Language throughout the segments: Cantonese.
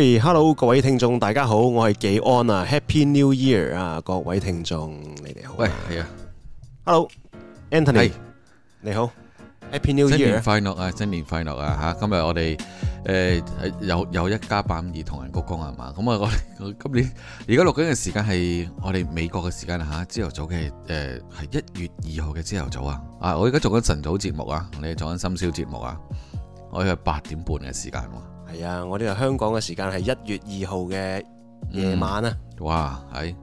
Hello 各位聽眾，大家好，我係紀安啊，Happy New Year 啊，各位聽眾，你哋好。喂，係啊，Hello，Anthony，Hey 你好，Happy New Year，新年快樂啊，新年快樂啊，吓，今日我哋誒有有一家852同人鞠躬係嘛？咁、嗯、啊，我哋今年而家錄緊嘅時間係我哋美國嘅時間啊吓，朝、呃、頭早嘅誒係一月二號嘅朝頭早啊，啊，我而家做緊晨早節目啊，你哋做緊深宵節目啊，我係八點半嘅時間、啊。係啊，我哋香港嘅時間係一月二號嘅夜晚啊！哇，喺、哎、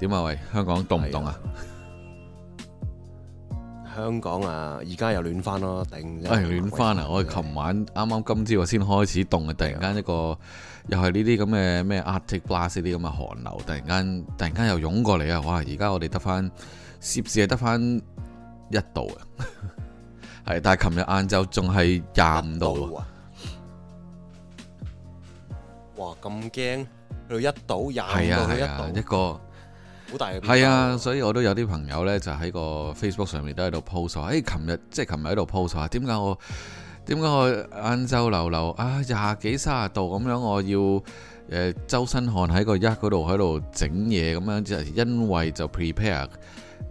點啊？喂，香港凍唔凍啊？香港、哎、啊，而家又暖翻咯，頂！啊，暖翻啊！我哋琴晚啱啱今朝先開始凍啊，突然間一個、嗯、又係呢啲咁嘅咩 Arctic Blast 啲咁嘅寒流，突然間突然間又湧過嚟啊！哇，而家我哋得翻攝氏係得翻一度啊！係，但係琴日晏晝仲係廿五度。哇，咁驚，去到一度廿度，啊一，島一個好大嘅變化。係啊，所以我都有啲朋友呢，就喺個 Facebook 上面都喺度 po 咗。誒、hey，琴日即係琴日喺度 po 咗，點解我點解我晏晝流流啊廿幾三十度咁樣，我要誒、呃、周身汗喺個一嗰度喺度整嘢咁樣，就因為就 prepare。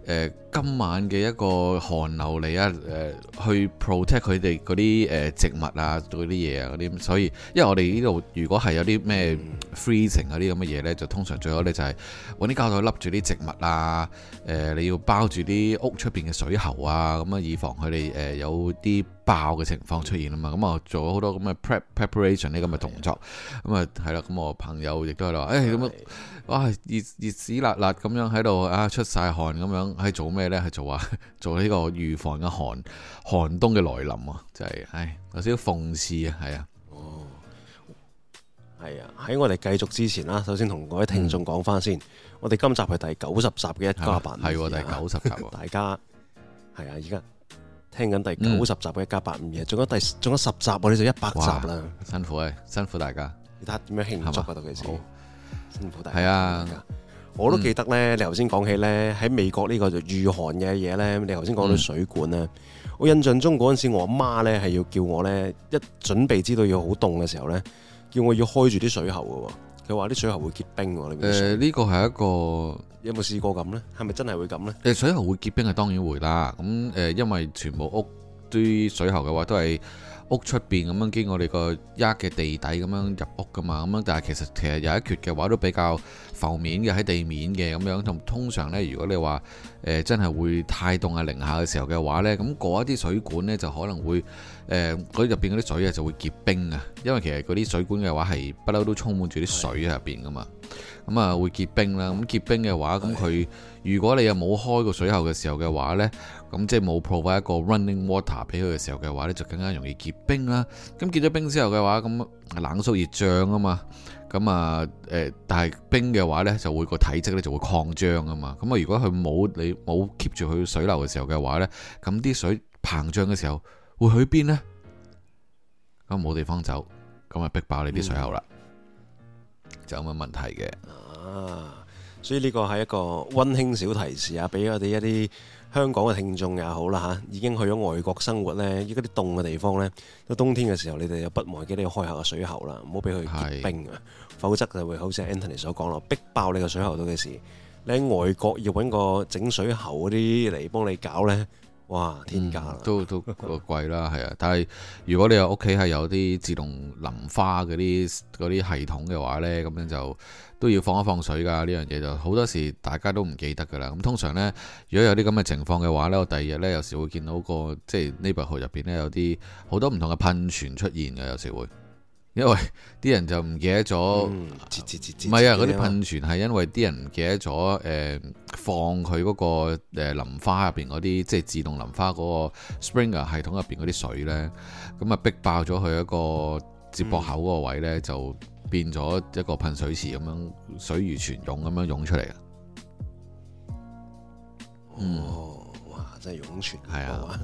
誒、呃、今晚嘅一個寒流嚟啊！誒、呃、去 protect 佢哋嗰啲誒植物啊，嗰啲嘢啊，嗰啲，所以因為我哋呢度如果係有啲咩 freezing 嗰啲咁嘅嘢呢，就通常最好呢就係揾啲膠袋笠住啲植物啊，誒、呃、你要包住啲屋出邊嘅水喉啊，咁啊以防佢哋誒有啲爆嘅情況出現啊嘛，咁啊做咗好多咁嘅 prep preparation 呢咁嘅動作，咁啊係啦，咁、嗯嗯、我朋友亦都係話，誒、哎、咁哇！熱熱死辣辣咁樣喺度啊，出晒汗咁樣，喺做咩咧？係做啊，做呢個預防嘅寒寒冬嘅來臨啊！就係、是、唉，有少少諷刺啊，係、哦、啊。哦，係啊！喺我哋繼續之前啦，首先同各位聽眾講翻先，嗯、我哋今集係第九十集嘅一家852，係、啊、第九十集、啊， 大家係啊！而家聽緊第九十集嘅一家852，仲、嗯、有第仲有十集，我哋就一百集啦，辛苦啊，辛苦大家！你睇點樣慶祝啊？到幾時？好辛苦大家。啊、我都記得咧、嗯，你頭先講起咧喺美國呢個就御寒嘅嘢咧，你頭先講到水管咧，嗯、我印象中嗰陣時我阿媽咧係要叫我咧一準備知道要好凍嘅時候咧，叫我要開住啲水喉噶，佢話啲水喉會結冰。誒、呢、呃這個係一個有冇試過咁咧？係咪真係會咁咧？誒、呃，水喉會結冰係當然會啦。咁誒、呃，因為全部屋啲水喉嘅話都係。屋出邊咁樣經過我哋個一嘅地底咁樣入屋噶嘛，咁樣但係其實其實有一缺嘅話都比較浮面嘅喺地面嘅咁樣。同通常呢，如果你話誒、呃、真係會太凍啊零下嘅時候嘅話呢，咁嗰一啲水管呢，就可能會誒入邊嗰啲水啊就會結冰啊，因為其實嗰啲水管嘅話係不嬲都充滿住啲水喺入邊噶嘛。咁啊，會結冰啦。咁結冰嘅話，咁佢 Okay. 如果你又冇開個水喉嘅時候嘅話呢，咁 Okay. 即係冇 provide 一個 running water 俾佢嘅時候嘅話呢，就更加容易結冰啦。咁結咗冰之後嘅話，咁冷縮熱脹啊嘛。咁啊，誒、呃，但係冰嘅話呢，就會個體積呢就會擴張啊嘛。咁啊，如果佢冇你冇 keep 住佢水流嘅時候嘅話呢，咁啲水膨脹嘅時候會去邊呢？咁冇地方走，咁啊逼爆你啲水喉啦。Mm hmm. 就有乜問題嘅啊！所以呢個係一個温馨小提示啊，俾我哋一啲香港嘅聽眾也好啦嚇，已經去咗外國生活呢，依家啲凍嘅地方呢，到冬天嘅時候，你哋又不忘記要開下個水喉啦，唔好俾佢結冰啊，是否則就會好似 Anthony 所講咯，逼爆你個水喉到嘅時。你喺外國要揾個整水喉嗰啲嚟幫你搞呢。哇！天價、嗯、都都個貴啦，係啊！ 但係如果你有屋企係有啲自動淋花嗰啲嗰啲系統嘅話呢，咁樣就都要放一放水㗎，呢樣嘢，就好多時大家都唔記得㗎啦。咁通常呢，如果有啲咁嘅情況嘅話呢，我第二日呢有時會見到個即係呢個喉入邊呢，有啲好多唔同嘅噴泉出現嘅，有時會。因為啲人就唔記得咗，唔係、嗯、啊，嗰啲噴泉係因為啲人唔記得咗，誒、呃，放佢嗰個誒淋花入邊嗰啲，即、就、係、是、自動淋花嗰個 Springer 系統入邊嗰啲水呢，咁啊逼爆咗佢一個接駁口嗰個位呢，嗯、就變咗一個噴水池咁樣，水如泉湧咁樣湧出嚟啊！嗯、哇，真係湧泉係啊！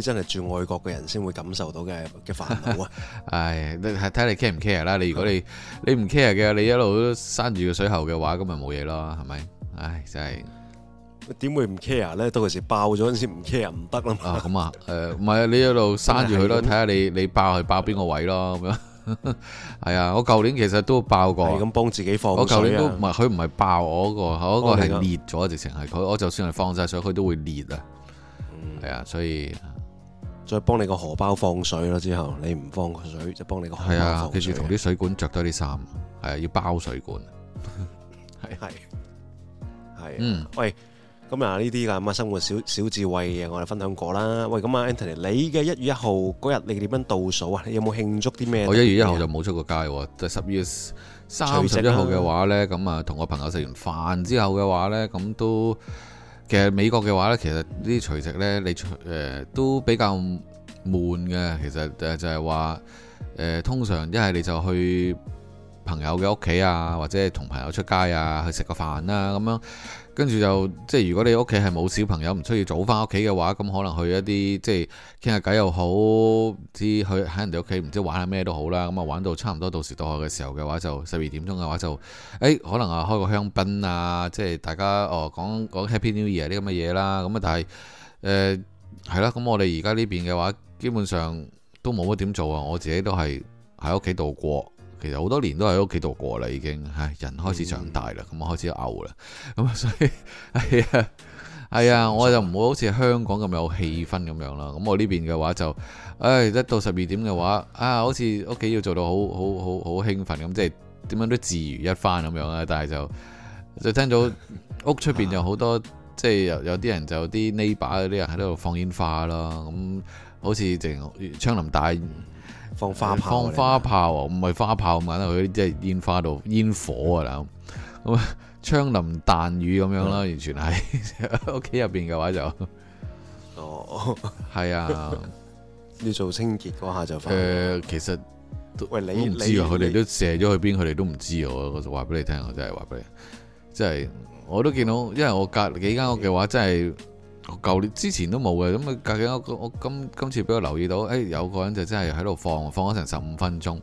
啲真係住外國嘅人先會感受到嘅嘅煩惱啊！唉、 哎，看看你睇你 care 唔 care 啦？你如果你你唔 care 嘅，你一路都閂住個水喉嘅話，咁咪冇嘢咯，係咪？唉、哎，真係點會唔 care 咧？到時爆咗先唔 care 唔得啊嘛！咁啊，誒、啊，唔、哎、係你一路閂住佢咯，睇下你你爆去爆邊個位咯咁樣。係啊，哎、我舊年其實都爆過。咁幫自己放、啊，我舊年都唔係佢唔係爆我、那個，嗰、那個係裂咗直情係佢。我，我就算係放晒水，佢都會裂啊。係、嗯、啊，所以。再幫你個荷包放水咯，之後你唔放個水，就幫你個係啊。其跟住同啲水管着多啲衫，係啊，要包水管，係係係。嗯喂，喂，咁啊呢啲咁啊生活小小智慧啊，我哋分享過啦。喂，咁啊，Anthony，你嘅一月一號嗰日你點樣倒數啊？你有冇慶祝啲咩？我一月一號就冇出過街喎。十二月三十一號嘅話咧，咁啊同我朋友食完飯之後嘅話咧，咁都。其實美國嘅話呢，其實呢啲除夕呢，你誒、呃、都比較悶嘅。其實就係話、呃、通常一係你就去朋友嘅屋企啊，或者係同朋友出街啊，去食個飯啊，咁樣。跟住就即係如果你屋企係冇小朋友唔需要早翻屋企嘅話，咁可能去一啲即係傾下偈又好，知去喺人哋屋企唔知玩下咩都好啦。咁啊玩到差唔多到時到岸嘅時候嘅話，就十二點鐘嘅話就，誒、欸、可能啊開個香檳啊，即係大家哦講講 Happy New Year 啲咁嘅嘢啦。咁啊但係誒係啦，咁、呃、我哋而家呢邊嘅話，基本上都冇乜點做啊。我自己都係喺屋企度過。其實好多年都喺屋企度過啦，已經嚇人開始長大啦，咁啊、嗯、開始嘔啦，咁所以哎呀，係、哎、啊，我就唔會好似香港咁有氣氛咁樣啦。咁我呢邊嘅話就，唉一到十二點嘅話啊，好似屋企要做到好好好好興奮咁，即係點樣都自娛一番咁樣啊。但係就就聽到屋出邊就好多，啊、即係有啲人就啲 neighbour 啲人喺度放煙花啦，咁好似成槍林大。放花炮，放花炮啊！唔係花炮咁簡單，佢即係煙花度煙火啊！咁咁槍林彈雨咁樣啦，完全係屋企入邊嘅話就，哦，係啊，要 做清潔嗰下就，誒、呃，其實都都唔知佢哋都射咗去邊，佢哋都唔知我。我話俾你聽，我真係話俾你，真係、嗯、我都見到，因為我隔幾間屋嘅話，真係。舊年之前都冇嘅，咁啊，究竟我我今今次俾我留意到，誒、哎，有個人就真係喺度放，放咗成十五分鐘，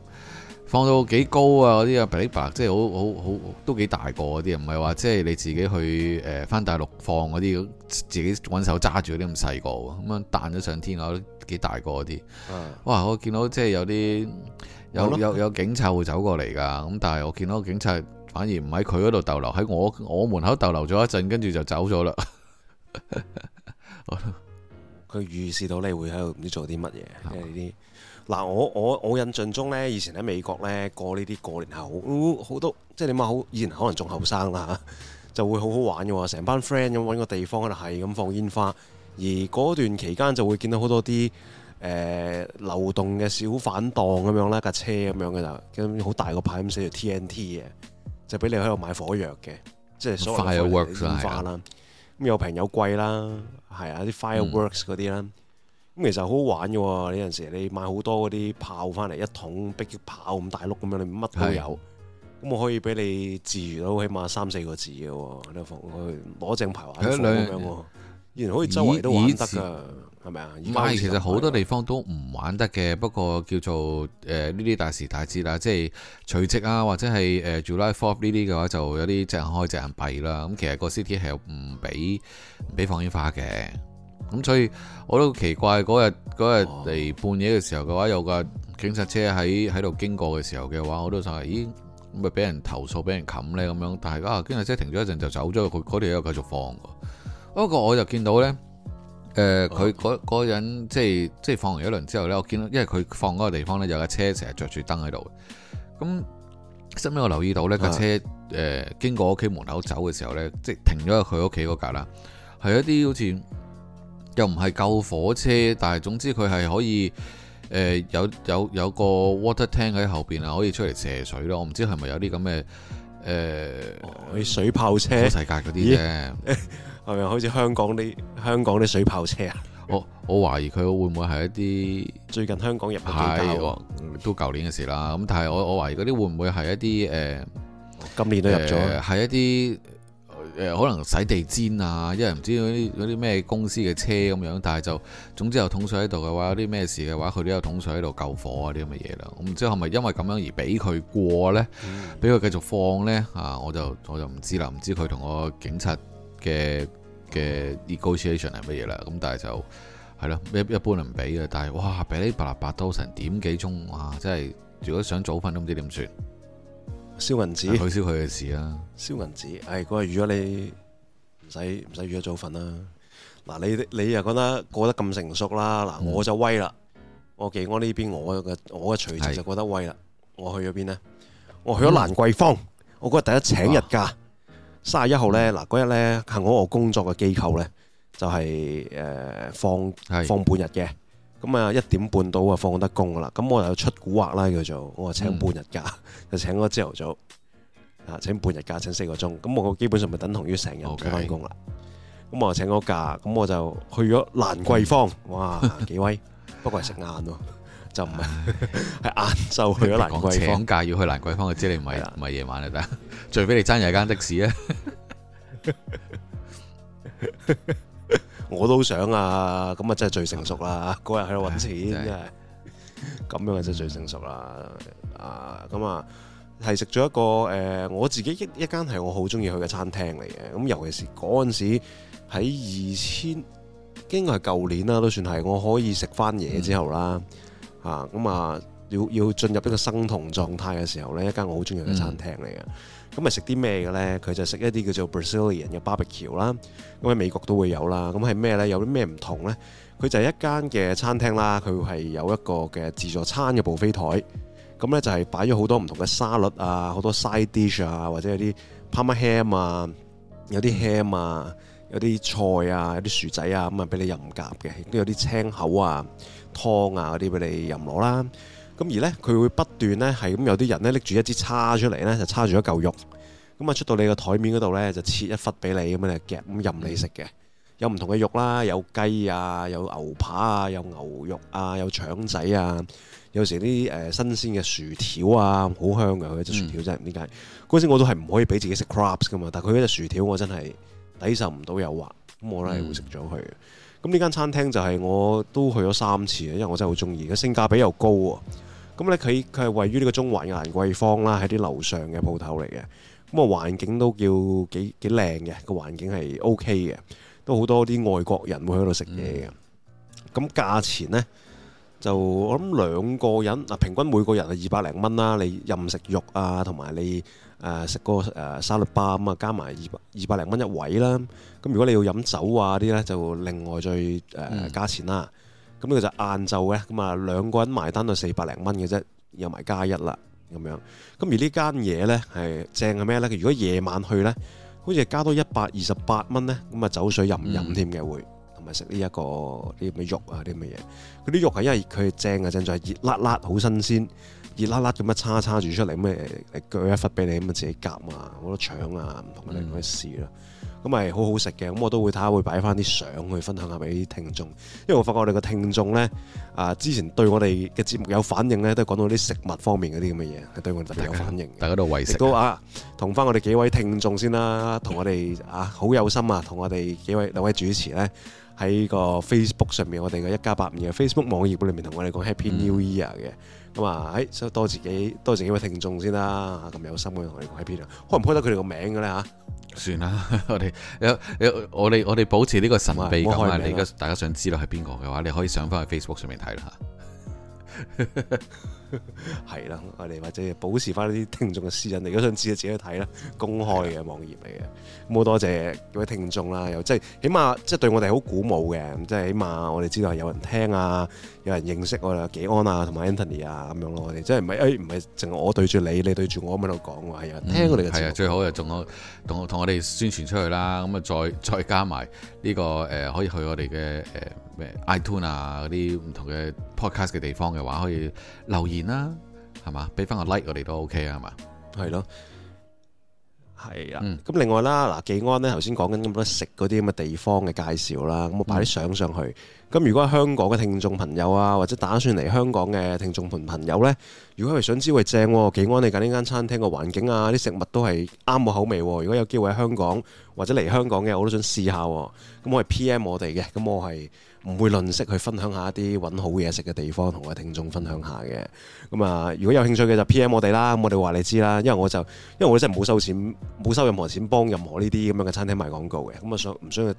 放到幾高啊嗰啲啊，白泥白，即係好好好都幾大個嗰啲，唔係話即係你自己去誒返、呃、大陸放嗰啲，自己搵手揸住嗰啲咁細個，咁樣彈咗上天啊，都幾大個嗰啲。嗯、哇，我見到即係有啲有有有警察會走過嚟噶，咁、嗯、但係我見到警察反而唔喺佢嗰度逗留，喺我我門口逗留咗一陣，跟住就走咗啦。 佢預 好示到你會喺度唔知做啲乜嘢，呢啲嗱，我我我印象中呢，以前喺美國呢，過呢啲過年係好、哦、好多，即係你媽好，以前可能仲後生啦， 就會好好玩嘅，成班 friend 咁搵個地方啦，係咁放煙花，而嗰段期間就會見到好多啲誒、呃、流動嘅小販檔咁樣啦，架車咁樣嘅就，跟住好大個牌咁寫住 TNT 嘅，就俾你喺度買火藥嘅，即係所有嘅煙花啦。咁有平有貴啦，係啊啲 fireworks 嗰啲啦，咁、嗯、其實好好玩嘅喎。呢陣時你買好多嗰啲炮翻嚟，一桶 big 炮咁大碌咁樣，你乜都有。咁是的 我可以俾你治愈到起碼三四個字嘅喎。嗯、你放去攞正牌玩，咁人樣，然後圍以以可以周圍都玩得噶。係咪啊？唔係，其實好多地方都唔玩得嘅。吧不過叫做誒呢啲大時大節啊，即係除夕啊，或者係誒、呃、July 4呢啲嘅話，就有啲隻眼開，隻眼閉啦。咁、嗯、其實個 city 係唔俾唔俾放煙花嘅。咁所以我都奇怪嗰日日嚟半夜嘅時候嘅話，有架警察車喺喺度經過嘅時候嘅話，我都想，咦，咁咪俾人投訴，俾人冚咧咁樣。但係啊，警察車停咗一陣就走咗，佢嗰度又繼續放。不、那、過、個、我就見到咧。誒，佢嗰嗰人即係即係放完一輪之後呢，我見到因為佢放嗰個地方呢，有架車成日着住燈喺度，咁身邊我留意到呢，架車誒、呃、經過屋企門口走嘅時候呢，即係停咗喺佢屋企嗰架啦，係一啲好似又唔係救火車，但係總之佢係可以誒、呃、有有有個 water tank 喺後邊啊，可以出嚟射水咯。我唔知係咪有啲咁嘅誒水炮車世界嗰啲啫。欸 係咪好似香港啲香港啲水炮車啊？我我懷疑佢會唔會係一啲最近香港入嚟幾多喎？都舊年嘅事啦。咁但係我我懷疑嗰啲會唔會係一啲誒、呃、今年都入咗，係、呃、一啲誒、呃、可能洗地氈啊，因為唔知嗰啲啲咩公司嘅車咁樣。但係就總之有桶水喺度嘅話，有啲咩事嘅話，佢都有桶水喺度救火嗰啲咁嘅嘢啦。唔知係咪因為咁樣而俾佢過呢？俾佢、嗯、繼續放呢？啊，我就我就唔知啦。唔知佢同我警察嘅。嘅 negotiation 係乜嘢啦？咁但係就係咯，一一般唔俾嘅。但係哇，俾你白蠟白都成點幾鐘哇！真係，如果想早瞓都唔知點算。燒銀紙？取消佢嘅事、啊、啦。燒銀紙？係嗰日如果你唔使唔使預咗早瞓啦。嗱，你你又覺得過得咁成熟啦？嗱，我就威啦、嗯。我技我呢邊，我嘅我嘅垂直就覺得威啦。是我去咗邊呢？我去咗蘭桂坊。嗯、我嗰日第一請日假。三十一號呢，嗱嗰日呢，幸好我工作嘅機構呢、就是，就係誒放放半日嘅，咁啊一點半到啊放得工噶啦，咁我又出古惑啦，叫做，我話請半日假，嗯、 就請咗朝頭早啊，請半日假，請四個鐘，咁我基本上咪等同於成日唔翻工啦，咁 Okay. 我就請咗假，咁我就去咗蘭桂坊，哇 幾威，不過係食晏咯。就唔係係晏晝去咗蘭桂坊，放假要去蘭桂坊，我知 你唔係唔係夜晚嚟得，最非你爭夜間的士咧。 我都想啊，咁啊真係最成熟啦！個人喺度搵錢，哎、真係咁樣嘅真係最成熟啦。嗯、啊，咁啊係食咗一個誒、呃，我自己一一間係我好中意去嘅餐廳嚟嘅。咁、嗯、尤其是嗰陣時喺二千，應該係舊年啦，都算係我可以食翻嘢之後啦。嗯啊，咁啊，要要進入一個生酮狀態嘅時候、嗯、呢，一間我好中意嘅餐廳嚟嘅。咁啊，食啲咩嘅呢？佢就食一啲叫做 Brazilian 嘅 barbecue 啦。咁喺美國都會有啦。咁係咩呢？有啲咩唔同呢？佢就係一間嘅餐廳啦。佢係有一個嘅自助餐嘅 buffet 台。咁呢，就係擺咗好多唔同嘅沙律啊，好多 side dish 啊，或者有啲 parma ham 啊，有啲 ham 啊，有啲、啊、菜啊，有啲薯仔啊，咁啊俾你任夾嘅，亦都有啲青口啊。湯啊嗰啲俾你任攞啦，咁而呢，佢會不斷呢，係咁有啲人呢拎住一支叉出嚟呢就叉住一嚿肉，咁啊出到你個台面嗰度呢，就切一忽俾你咁樣嚟夾咁任你食嘅，有唔同嘅肉啦，有雞啊，有牛扒啊，有牛肉啊，有腸仔啊，有時啲誒、呃、新鮮嘅薯條啊，好香嘅，佢隻薯條真係，點解嗰陣時我都係唔可以俾自己食 crabs 噶嘛，但係佢嗰隻薯條我真係抵受唔到誘惑，咁、嗯、我都係會食咗佢。咁呢間餐廳就係我都去咗三次嘅，因為我真係好中意，佢性價比又高喎。咁咧佢佢係位於呢個中環嘅蘭桂坊啦，喺啲樓上嘅鋪頭嚟嘅。咁啊環境都叫幾幾靚嘅，個環境係 OK 嘅，都好多啲外國人會喺度食嘢嘅。咁價錢呢，就我諗兩個人嗱，平均每個人係二百零蚊啦，你任食肉啊，同埋你。誒食嗰個沙律吧咁啊，加埋二百二百零蚊一位啦。咁、嗯、如果你要飲酒啊啲咧，就另外再誒、呃、加錢啦、啊。咁呢、嗯嗯這個就晏晝咧，咁啊兩個人埋單都四百零蚊嘅啫，又埋加一啦咁樣。咁而呢間嘢咧係正係咩咧？如果夜晚去咧，好似加多一百二十八蚊咧，咁啊酒水任飲添嘅會，同埋食呢一個啲咩、這個、肉啊啲咩嘢。嗰、這、啲、個這個、肉係因為佢正啊，正在熱辣辣好新鮮。熱辣辣咁一叉叉住出嚟，咁，誒誒鋸一忽俾你咁啊，自己夾嘛，好多腸啊，唔同嘅唔同嘅事啦，咁係、嗯、好好食嘅，咁我都會睇下會擺翻啲相去分享下俾啲聽眾，因為我發覺我哋嘅聽眾咧啊，之前對我哋嘅節目有反應咧，都係講到啲食物方面嗰啲咁嘅嘢，係、嗯、對我哋特別有反應。大家喺度為食都啊，同翻我哋幾位聽眾先啦，同我哋、嗯、啊好有心啊，同我哋幾位兩位主持咧喺個 Facebook 上面，我哋嘅一家852嘅 Facebook 網頁裏面，同我哋講 Happy New Year 嘅。嗯咁啊，所以多自己多自己位聽眾先啦，咁有心嘅同我哋講喺邊度，開唔開得佢哋個名嘅咧嚇？算啦，我哋我哋我哋保持呢個神秘感啊！你而家大家想知道係邊個嘅話，你可以上翻去 Facebook 上面睇啦嚇。係啦， 我哋或者保持翻啲聽眾嘅私隱。你都想知，就自己去睇啦，公開嘅網頁嚟嘅。咁好的多謝各位聽眾啦，又即係起碼即係對我哋好鼓舞嘅。即係起碼我哋知道係有人聽啊，有人認識，人認識 ony, 我哋紀安啊，同埋 Anthony 啊咁樣咯。我哋即係唔係誒，唔係淨係我對住你，你對住我喺度講喎。係啊，聽我哋嘅係啊，最好就仲可同我同我哋宣傳出去啦。咁啊，再再加埋。呢、這個誒、呃、可以去我哋嘅誒咩、呃、iTunes 啊嗰啲唔同嘅 podcast 嘅地方嘅話，可以留言啦、啊，係嘛？俾翻個 like 我哋都 OK 啊，係嘛？係咯。係啊，咁、嗯、另外啦，嗱，記安呢頭先講緊咁多食嗰啲咁嘅地方嘅介紹啦，咁、嗯、我擺啲相上去。咁如果係香港嘅聽眾朋友啊，或者打算嚟香港嘅聽眾朋朋友呢，如果係想知位正記安，你揀呢間餐廳嘅環境啊，啲食物都係啱我口味、啊。如果有機會喺香港或者嚟香港嘅，我都想試下、啊。咁我係 PM 我哋嘅，咁我係，唔會吝嗇去分享一下一啲揾好嘢食嘅地方，同我哋聽眾分享下嘅。咁啊，如果有興趣嘅就 P.M 我哋啦，咁我哋話你知啦。因為我就因為我真係冇收錢，冇收任何錢幫任何呢啲咁樣嘅餐廳賣廣告嘅。咁啊，想唔需要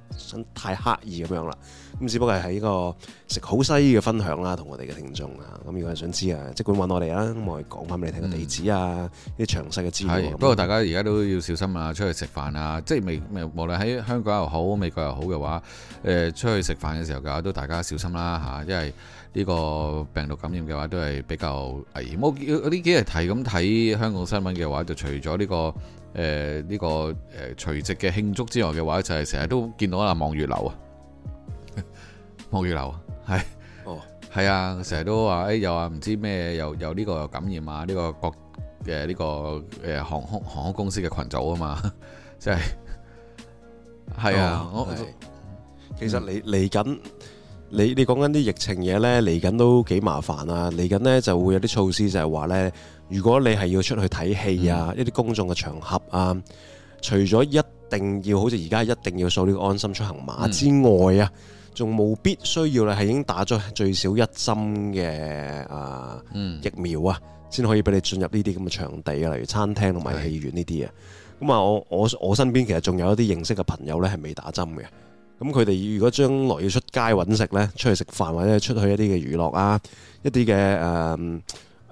太刻意咁樣啦。咁只不過係喺個食好西嘅分享啦，同我哋嘅聽眾啊。咁如果係想知啊，即管揾我哋啦，咁我哋講翻俾你聽個地址啊，啲、嗯、詳細嘅資料。不過是大家而家都要小心啊，出去食飯啊，即係美無論喺香港又好，美國又好嘅話，誒、呃、出去食飯嘅時候都大家小心啦嚇，因為呢個病毒感染嘅話都係比較危險。我呢幾日睇咁睇香港新聞嘅話，就除咗呢、呢個誒呢、呃呢個誒除夕嘅慶祝之外嘅話，就係成日都見到啊望月樓、哦、啊，望月樓係哦，係、哎、啊，成日都話誒又話唔知咩又又呢個感染啊，呢、呢個國誒呢個誒、啊、航空航空公司嘅群組啊嘛，即係係啊。其實嚟嚟緊，你你講緊啲疫情嘢呢，嚟緊都幾麻煩啊。嚟緊呢就會有啲措施，就係話呢，如果你係要出去睇戲啊，一啲、嗯、公眾嘅場合啊，除咗一定要好似而家一定要掃呢個安心出行碼之外啊，仲冇、嗯、必需要你係已經打咗最少一針嘅啊、嗯、疫苗啊，先可以俾你進入呢啲咁嘅場地啊，例如餐廳同埋戲院呢啲啊。咁啊、嗯，我我我身邊其實仲有一啲認識嘅朋友呢，係未打針嘅。咁佢哋如果將來要出街揾食呢，出去食飯或者出去一啲嘅娛樂、呃呃、啊，一啲嘅誒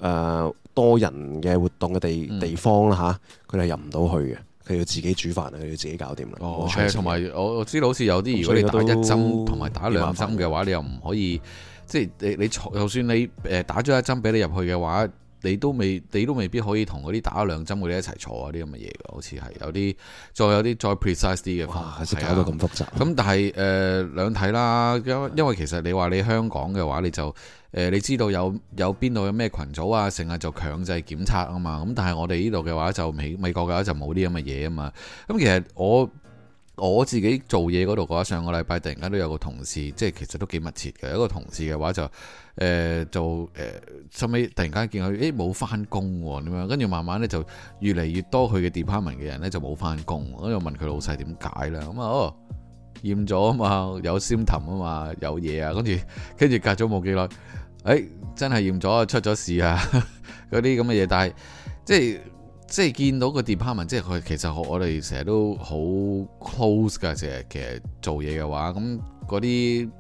誒多人嘅活動嘅地地方啦嚇，佢哋入唔到去嘅，佢要自己煮飯，佢要自己搞掂。哦，係，同埋我知道好似有啲，嗯、如果你打一針同埋打兩針嘅話，你又唔可以，即係你你就算你打咗一針俾你入去嘅話。你都未，你都未必可以同嗰啲打兩針嗰啲一齊坐嗰啲咁嘅嘢，好似係有啲再有啲再 precise 啲嘅，哇，係搞到咁複雜。咁吧吧但係誒、呃、兩睇啦，因因為其實你話你香港嘅話，你就誒、呃、你知道有有邊度有咩群組啊，成日就強制檢測啊嘛。咁但係我哋呢度嘅話就美美國嘅話就冇啲咁嘅嘢啊嘛。咁、嗯、其實我。我自己做嘢嗰度嘅話，上個禮拜突然間都有個同事，即係其實都幾密切嘅一個同事嘅話就，誒、呃、就，誒收尾，突然間見佢誒冇翻工喎，點樣？跟住慢慢咧就越嚟越多佢嘅 department 嘅人咧就冇翻工，我又問佢老細點解啦？咁啊哦，驗咗啊嘛，有 symptom 啊嘛，有嘢啊，跟住跟住隔咗冇幾耐，誒、欸、真係驗咗，出咗事啊，嗰啲咁嘅嘢，但係即係。即係見到個 department，即係佢其實我哋成日都好 close 噶。成日其實做嘢嘅話，咁嗰啲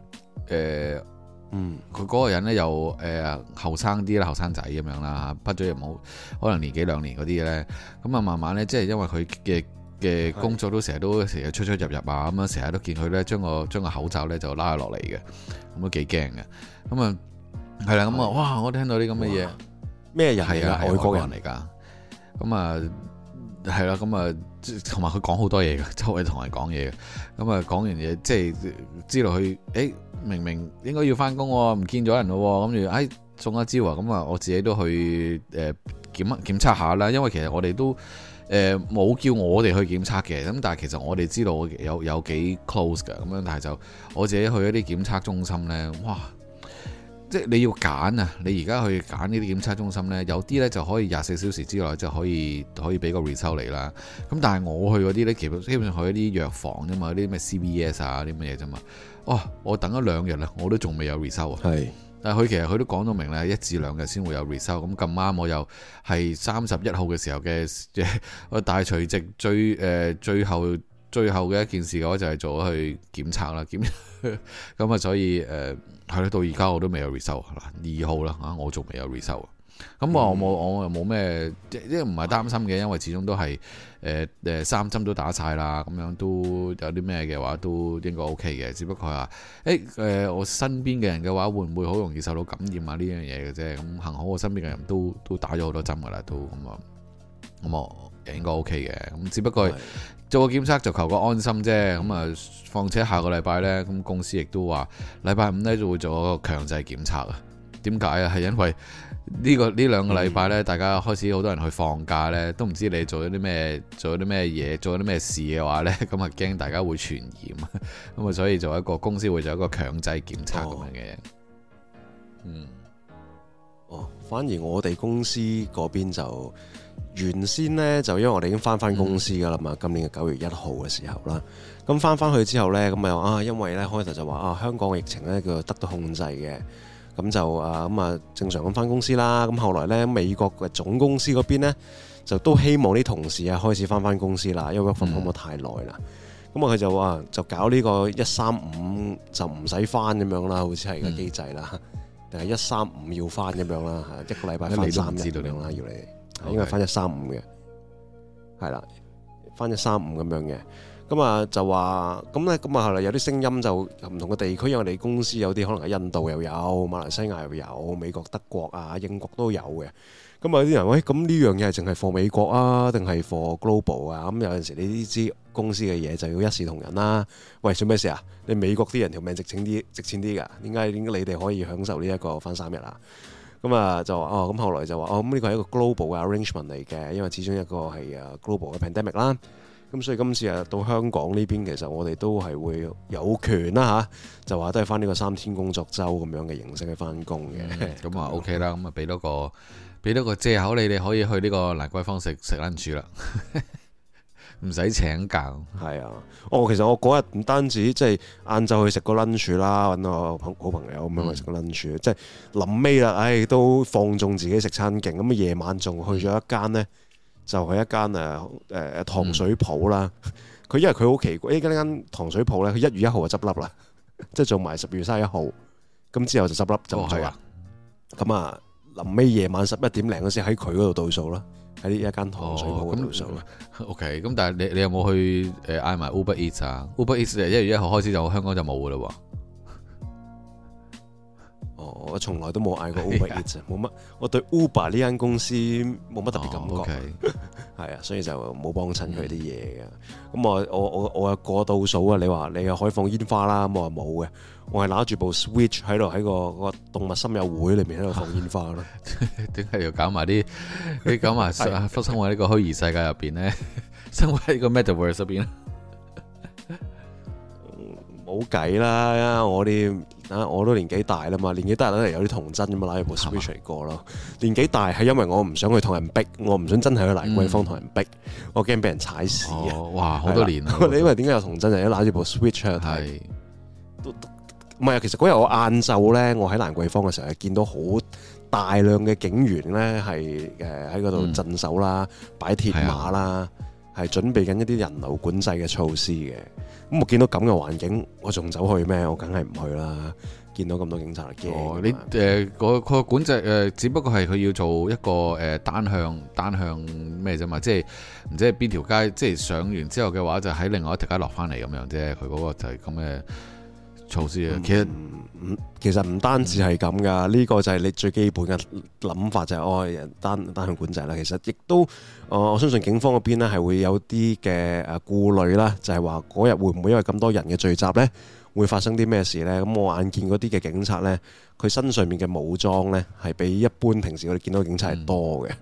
誒嗯，佢嗰個人咧又誒後生啲啦，後生仔咁樣啦嚇，畢咗業冇可能年幾兩年嗰啲咧，咁啊慢慢咧，即係因為佢嘅嘅工作都成日都成日出出入入啊，咁啊成日都見佢咧將個將個口罩咧就拉落嚟嘅，咁都幾驚嘅。咁啊係啦，咁啊哇！我聽到啲咁嘅嘢，咩人嚟㗎？外國人嚟㗎？咁啊，係啦，咁啊，同埋佢講好多嘢嘅，周圍同人講嘢嘅，咁啊講完嘢，即係知道佢，誒、欸，明明應該要翻工、哦，唔見咗人咯、哦，咁如誒送一招啊，咁啊，我自己都去誒檢檢測下啦，因為其實我哋都誒冇、呃、叫我哋去檢測嘅，咁但係其實我哋知道有有幾 close 嘅，咁樣，但係就我自己去一啲檢測中心咧，哇！即係你要揀啊！你而家去揀呢啲檢測中心呢，有啲呢就可以廿四小時之內就可以可以俾個 result 你啦。咁但係我去嗰啲呢，其實基本上去一啲藥房啫嘛，啲咩 CVS 啊啲乜嘢啫嘛。哦，我等咗兩日咧，我都仲未有 result 啊。係是，但係佢其實佢都講到明啦，一至兩日先會有 result。咁咁啱我又係三十一號嘅時候嘅，大除夕最誒最後最後嘅一件事我就係做咗去檢測啦。檢咁啊， 所以誒。呃係啦，到而家我都未有 re 收，嗱，二號啦，啊我仲未有 re s 收，咁我冇，我又冇咩，即即係唔係擔心嘅，因為始終都係誒誒三針都打晒啦，咁樣都有啲咩嘅話都應該 OK 嘅，只不過啊誒、欸呃、我身邊嘅人嘅話會唔會好容易受到感染啊呢樣嘢嘅啫，咁幸好我身邊嘅人都都打咗好多針噶啦，都咁啊咁誒，應該 OK 嘅，咁只不過做個檢測就求個安心啫。咁啊的，況且下個禮拜呢，咁公司亦都話禮拜五呢就會做一個強制檢測啊。點解啊？係因為呢個呢兩個禮拜呢，大家開始好多人去放假呢，都唔知你做咗啲咩，做咗啲咩嘢，做咗啲咩事嘅話呢，咁啊驚大家會傳染，咁啊所以做一個公司會做一個強制檢測咁樣嘅。哦、嗯。哦，反而我哋公司嗰邊就。原先呢，就因為我哋已經翻翻公司噶啦嘛，今年嘅九月一號嘅時候啦，咁翻翻去之後呢，咁啊啊，因為呢開頭就話啊香港嘅疫情呢，佢得到控制嘅，咁就啊咁啊正常咁翻公司啦，咁後來呢，美國嘅總公司嗰邊呢，就都希望啲同事啊開始翻翻公司啦，因為 work from home 太耐啦，咁啊佢就話就搞呢個一三五就唔使翻咁樣啦，好似係個機制啦，定係一三五要翻咁樣啦，一個禮拜翻三日咁樣啦，要你。應該係翻一三五嘅，係啦的，翻一三五咁樣嘅，咁啊的就話咁咧，咁啊後來有啲聲音就唔同嘅地區，因為我哋公司有啲可能喺印度又有，馬來西亞又有，美國、德國啊、英國都有嘅。咁啊有啲人，喂、欸，咁呢樣嘢係淨係放美國啊，定係放 global 啊？咁有陣時你呢啲公司嘅嘢，就要一視同仁啦、啊。喂，做咩事啊？你美國啲人條命值錢啲，值錢啲噶？點解點解你哋可以享受呢一個翻三日啊？咁啊、嗯、就話哦，咁、嗯、後來就話哦，咁呢個係一個 global 嘅 arrangement 嚟嘅，因為始終一個係誒 global 嘅 pandemic 啦、啊。咁、嗯、所以今次啊到香港呢邊，其實我哋都係會有權啦吓、啊，就話都係返呢個三天工作周咁樣嘅形式去返工嘅。咁啊 OK 啦、嗯，咁啊俾多個俾多個藉口，你哋可以去呢個蘭桂坊食食 lunch 啦。 唔使請教，係啊！哦，其實我嗰日唔單止即係晏晝去食個 lunch 啦，揾個好朋友咁樣食個 lunch，、嗯、即係臨尾啦，唉，都放縱自己食餐勁咁。夜晚仲去咗一間呢，就係一間誒誒糖水鋪啦。佢、嗯、因為佢好奇怪，呢間呢間糖水鋪呢，佢一月一號就執笠啦，嗯、即係做埋十二月三十一號，咁之後就執笠、哦、就唔做啦。咁啊，臨尾夜晚十一點零嗰時喺佢嗰度倒數啦。喺呢一間堂最冇嘅路上 OK 咁但係你你有冇去誒嗌埋 Uber Eats 啊？Uber Eats 誒一月一號開始就香港就冇嘅啦喎。 哦，我從來都冇嗌過 Uber Eats 啊、哎呀，冇乜，我對 Uber 呢間公司冇乜特別感覺。o 係啊，okay、 所以就冇幫襯佢啲嘢嘅。咁、嗯嗯、我我我我又過倒數啊！你話你又可以放煙花啦，咁我話冇嘅。我係拿住部 Switch 喺度，喺個個動物森友會裏面喺度放煙花咯，點解 要搞埋啲，你搞埋啊？發生喺呢個虛擬世界入邊咧， 生活喺個 Metaverse 入邊啦，冇計啦！我啲，啊，我都年紀大啦嘛，年紀大都嚟有啲童真咁啊，拿住部 Switch 嚟過咯。的年紀大係因為我唔想去同人逼，我唔想真係去蘭桂坊同人逼，嗯、我驚俾人踩死、哦、哇，好多年啊！的年 你因為點解有童真就喺拿住部 Switch 嚟睇，都。都都唔係啊！其實嗰日我晏晝咧，我喺蘭桂坊嘅時候係見到好大量嘅警員咧，係誒喺嗰度鎮守啦、擺鐵馬啦，係、啊、準備緊一啲人流管制嘅措施嘅。咁我見到咁嘅環境，我仲走去咩？我梗係唔去啦！見到咁多警察嘅。哦，你誒、呃嗰個嗰個管制誒、呃，只不過係佢要做一個誒、呃、單向、單向咩啫嘛？即係唔知係邊條街？即係上完之後嘅話，就喺另外一條街落翻嚟咁樣啫。佢嗰個就係咁嘅。措施啊，其實唔其實唔單止係咁㗎，呢、嗯、個就係你最基本嘅諗法就係、是、哦、哎、單單向管制啦。其實亦都、呃，我相信警方嗰邊呢係會有啲嘅誒顧慮啦，就係話嗰日會唔會因為咁多人嘅聚集呢，會發生啲咩事呢？咁我眼見嗰啲嘅警察呢，佢身上面嘅武裝呢，係比一般平時我哋見到嘅警察多嘅。嗯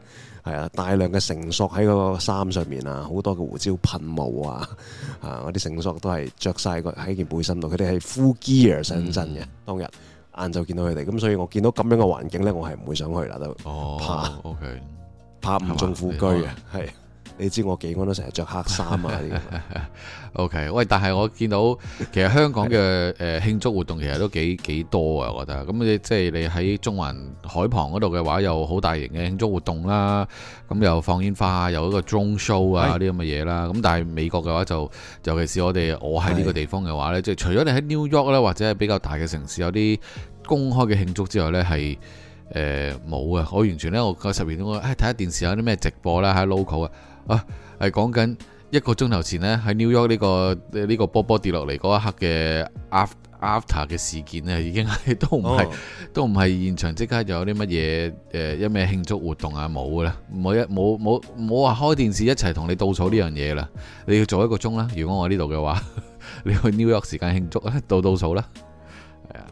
係啊，大量嘅繩索喺個衫上面啊，好多嘅胡椒噴霧啊，啊， 啲繩索都係着晒個喺件背心度，佢哋係 full gear 上陣嘅。嗯、當日晏晝見到佢哋，咁所以我見到咁樣嘅環境呢，我係唔會想去啦，都怕、哦，OK，怕誤中虎居啊，係吧。的 你知我幾個都成日着黑衫啊 ！OK，喂，但係我見到其實香港嘅誒慶祝活動其實都幾幾多啊！我覺得咁你即係你喺中環海旁嗰度嘅話，有好大型嘅慶祝活動啦，咁又放煙花，有一個 drone show 啊啲咁嘅嘢啦。咁但係美國嘅話就，尤其是我哋我喺呢個地方嘅話咧，即係是的 除咗你喺 New York 咧，或者係比較大嘅城市有啲公開嘅慶祝之外呢，係。誒，冇啊、欸！我完全咧，我個十年都，我睇下電視有啲咩直播啦，吓 local 啊，啊係講緊一個鐘頭前呢，喺 New York 呢個呢個波波跌落嚟嗰一刻嘅 after 嘅事件咧，已經係都唔係、哦、都唔係現場即刻就有啲乜嘢誒一咩慶祝活動啊冇嘅啦，唔好一冇冇冇話開電視一齊同你倒數呢樣嘢啦，你要做一個鐘啦。如果我呢度嘅話，你去 New York 時間慶祝啊，倒倒數啦，係啊，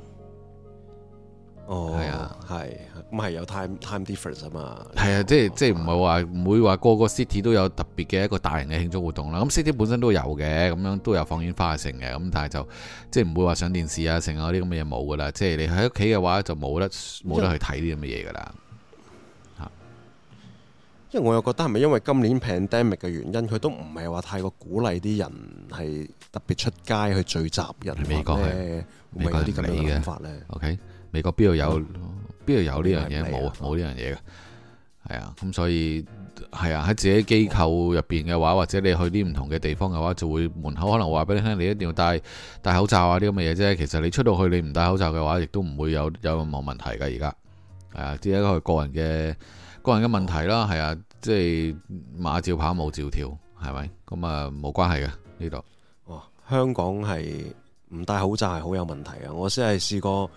哦，係啊，係。咁係有 time time difference 啊嘛，係啊，即係即係唔係話唔會話個個 city 都有特別嘅一個大型嘅慶祝活動啦。咁 city 本身都有嘅，咁樣都有放煙花嘅成嘅，咁但係就即係唔會話上電視啊，成啊啲咁嘅嘢冇㗎喇。即係你喺屋企嘅話就，就冇得冇得去睇啲咁嘅嘢㗎喇。嚇為，是因為我又覺得係咪因為今年 pandemic 嘅原因，佢都唔係話太過鼓勵啲人係特別出街去聚集人，有冇咩啲咁嘅諗法咧？OK，美國邊度有？嗯邊度有呢樣嘢？冇、嗯、冇啊，冇呢樣嘢嘅，係啊。咁所以係啊，喺自己機構入邊嘅話，或者你去啲唔同嘅地方嘅話，就會門口可能會話俾你聽，你一定要戴戴口罩啊啲咁嘅嘢啫。其實你出到去，你唔戴口罩嘅話，亦都唔會有有任何問題嘅。而家係啊，只係一個個人嘅個人嘅問題啦。係、嗯、啊，即係馬照跑，冇照跳，係咪？咁啊，冇關係嘅呢度。哦，香港係唔戴口罩係好有問題啊！我先係試過。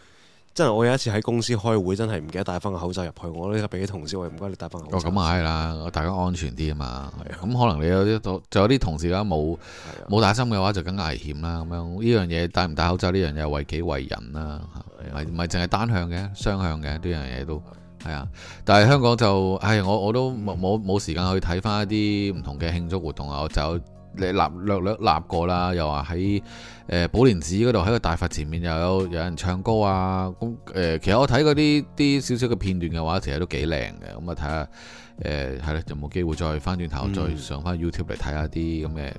真係我有一次喺公司開會，真係唔記得帶翻個口罩入去。我咧俾啲同事話：唔該，你帶翻口罩。咁啊，係啦，大家安全啲啊嘛。咁、啊、可能你有啲多，就有啲同事咧冇冇打針嘅話，就更加危險啦。咁樣呢樣嘢戴唔戴口罩呢樣嘢為己為人啦、啊，唔係唔係淨係單向嘅，雙向嘅呢樣嘢都係啊，啊。但係香港就係、哎、我我都冇冇冇時間去睇翻一啲唔同嘅慶祝活動啊，我就。你立略略立過啦，又話喺誒寶蓮寺嗰度喺個大佛前面又有有人唱歌啊！咁、嗯、誒、呃，其實我睇嗰啲啲少少嘅片段嘅話，其實都幾靚嘅。咁、嗯、啊，睇下誒係啦，就、呃、冇機會再返轉頭再上返 YouTube 嚟睇下啲咁嘅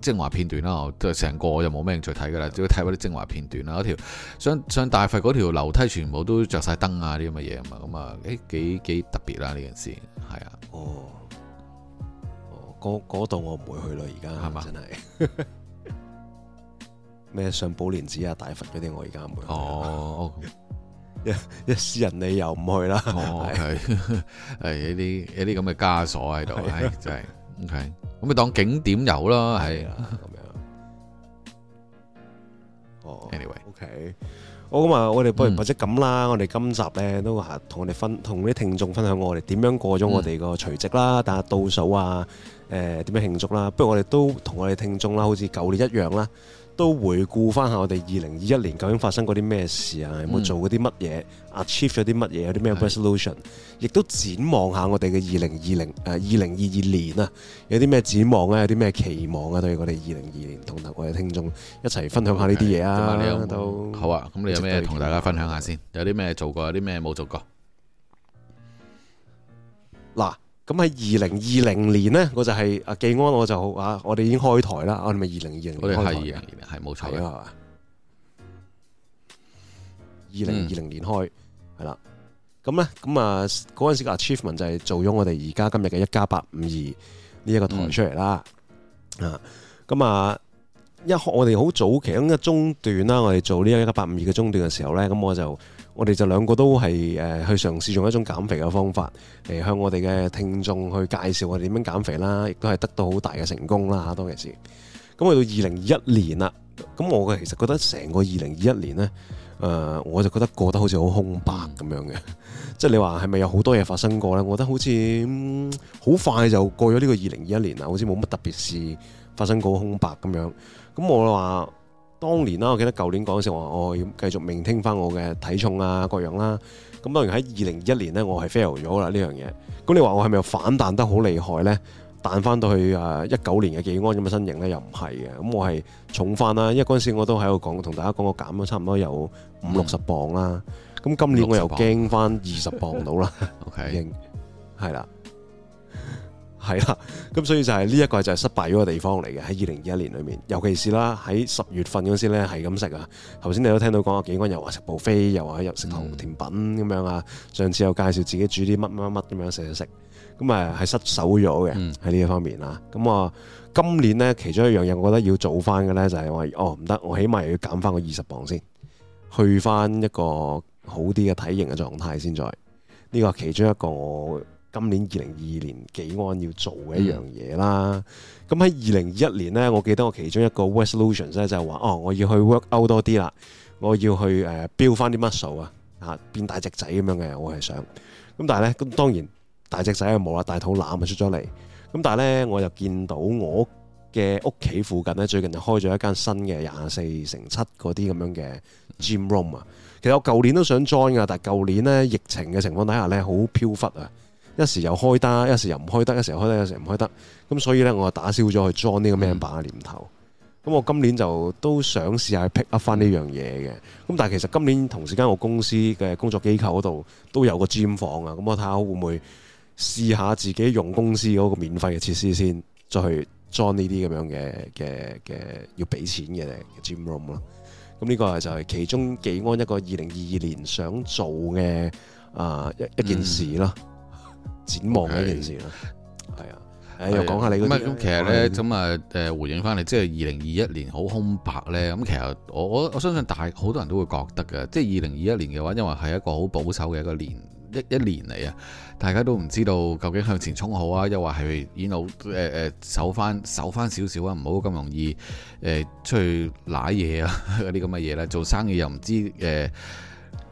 精華片段啦。都係成個又冇咩興趣睇噶啦，主要睇嗰啲精華片段啦。嗰條上上大佛嗰條樓梯全部都着晒燈啊，啲咁嘅嘢啊嘛，咁啊、嗯嗯欸、幾幾幾特別啦、啊、呢件事係啊哦。嗰度我唔會去咯，而家係咪真係是咩？ 上寶蓮寺啊、大佛嗰啲我而家唔會哦，一一私人你又唔去啦，哦係係呢啲呢啲咁嘅枷鎖喺度，係真係，OK，咁咪當景點遊咯，係 咁 樣，哦，anyway，OK。嗯嗯、我咁話，我哋不如或者咁啦，我哋今集呢，都話同我哋分同啲聽眾分享，我哋點樣過咗我哋個除夕啦，但係、嗯、倒數啊，誒、呃、點樣慶祝啦、啊？不如我哋都同我哋聽眾啦，好似舊年一樣啦。都回顧翻下我哋二零二一年究竟發生過啲咩事啊？有冇做過啲乜嘢？Achieve 咗啲乜嘢？有啲咩 resolution？亦的都展望下我哋嘅二零二零誒二零二二年啊，有啲咩展望咧、啊？有啲咩期望啊？對我哋二零二年同我哋嘅聽眾一齊分享下呢啲嘢啊！好啊，咁你有咩同大家分享下先？有啲咩做過？有啲咩冇做過？嗱。咁喺二零二零年呢，我就係、是、阿記安我，我就啊，我哋已經開台啦。我哋咪二零二零年開二零二零年，係冇錯啦，係嘛？二零二零年開係啦。咁咧、嗯，咁啊，嗰陣時阿 Chief 文就係做咗我哋而家今日嘅一家八五二呢一個台出嚟啦。啊、嗯，咁啊，一開我哋好早期咁嘅、那個、中段啦，我哋做呢一個八五二嘅中段嘅時候咧，咁我就。我哋就兩個都係誒去嘗試用一種減肥嘅方法嚟向我哋嘅聽眾去介紹我哋點樣減肥啦，亦都係得到好大嘅成功啦嚇，當其時。咁去到二零二一年啦，咁我其實覺得成個二零二一年呢，誒、呃、我就覺得過得好似好空白咁樣嘅，即係你話係咪有好多嘢發生過呢？我覺得好似好、嗯、快就過咗呢個二零二一年啦，好似冇乜特別事發生過，好空白咁樣。咁我話。當年啦，我記得舊年講嗰時，我話我要繼續明聽翻我嘅體重啊，各樣啦。咁當然喺二零二一年呢，我係 fail 咗啦呢樣嘢。咁你話我係咪又反彈得好厲害呢？彈翻到去誒一九年嘅技安咁嘅身形呢，又唔係嘅。咁我係重翻啦，因為嗰陣時我都喺度講，同大家講我減咗差唔多有五六十磅啦。咁今年我又驚翻二十磅到啦。OK，係啦、嗯。 Okay. 係啦，咁所以就係呢一個就係失敗咗個地方嚟嘅。喺二零二一年裏面，尤其是啦喺十月份嗰時呢，係咁食啊。頭先你都聽到講阿景安又話食 buffet，又話又食糖甜品咁樣啊。嗯、上次又介紹自己煮啲乜乜乜咁樣食一食，咁啊係失手咗嘅喺呢一方面啊。咁啊今年呢，其中一樣嘢，我覺得要做翻嘅呢，就係話哦唔得，我起碼要減翻個二十磅先，去翻一個好啲嘅體型嘅狀態先。再、這、呢個其中一個我。今年二零二二年幾安要做嘅一樣嘢啦，咁喺二零二一年呢，我記得我其中一個 resolution 就係話，哦，我要去 work out 多啲啦，我要去誒 build 翻啲 muscle 啊，嚇變大隻仔咁樣嘅，我係想。咁但係呢，咁當然大隻仔就冇啦，大肚腩就出咗嚟。咁但係呢，我又見到我嘅屋企附近呢，最近就開咗一間新嘅廿四乘七嗰啲咁樣嘅 gym room 啊。其實我舊年都想 join 噶，但係舊年呢，疫情嘅情況底下呢，好飄忽啊。一時又開得，一時又唔開得，一時又開得，一時唔開得。咁所以呢，我就打消咗去 join 呢個 men 板嘅念頭。咁、嗯、我今年就都想試下 pick up 翻呢樣嘢嘅。咁但係其實今年同時間我公司嘅工作機構嗰度都有個 gym 房啊。咁我睇下會唔會試下自己用公司嗰個免費嘅設施先，再去 join 呢啲咁樣嘅嘅嘅要俾錢嘅 gym room 咯。咁呢個就係其中幾安一個二零二二年想做嘅啊一一件事咯。嗯展望呢件事咯，係啊，又講下你嗰啲咁。其實咧，咁啊，誒回應翻嚟，即係二零二一年好空白咧。咁其實我我我相信大好多人都會覺得嘅，即係二零二一年嘅話，因為係一個好保守嘅一個年一一年嚟啊，大家都唔知道究竟向前衝好啊，或者係 you know，誒啊，又話係要好誒誒守翻守翻少少啊，唔好咁容易誒出去攋嘢啊嗰啲咁嘅嘢啦，做生意又唔知誒。呃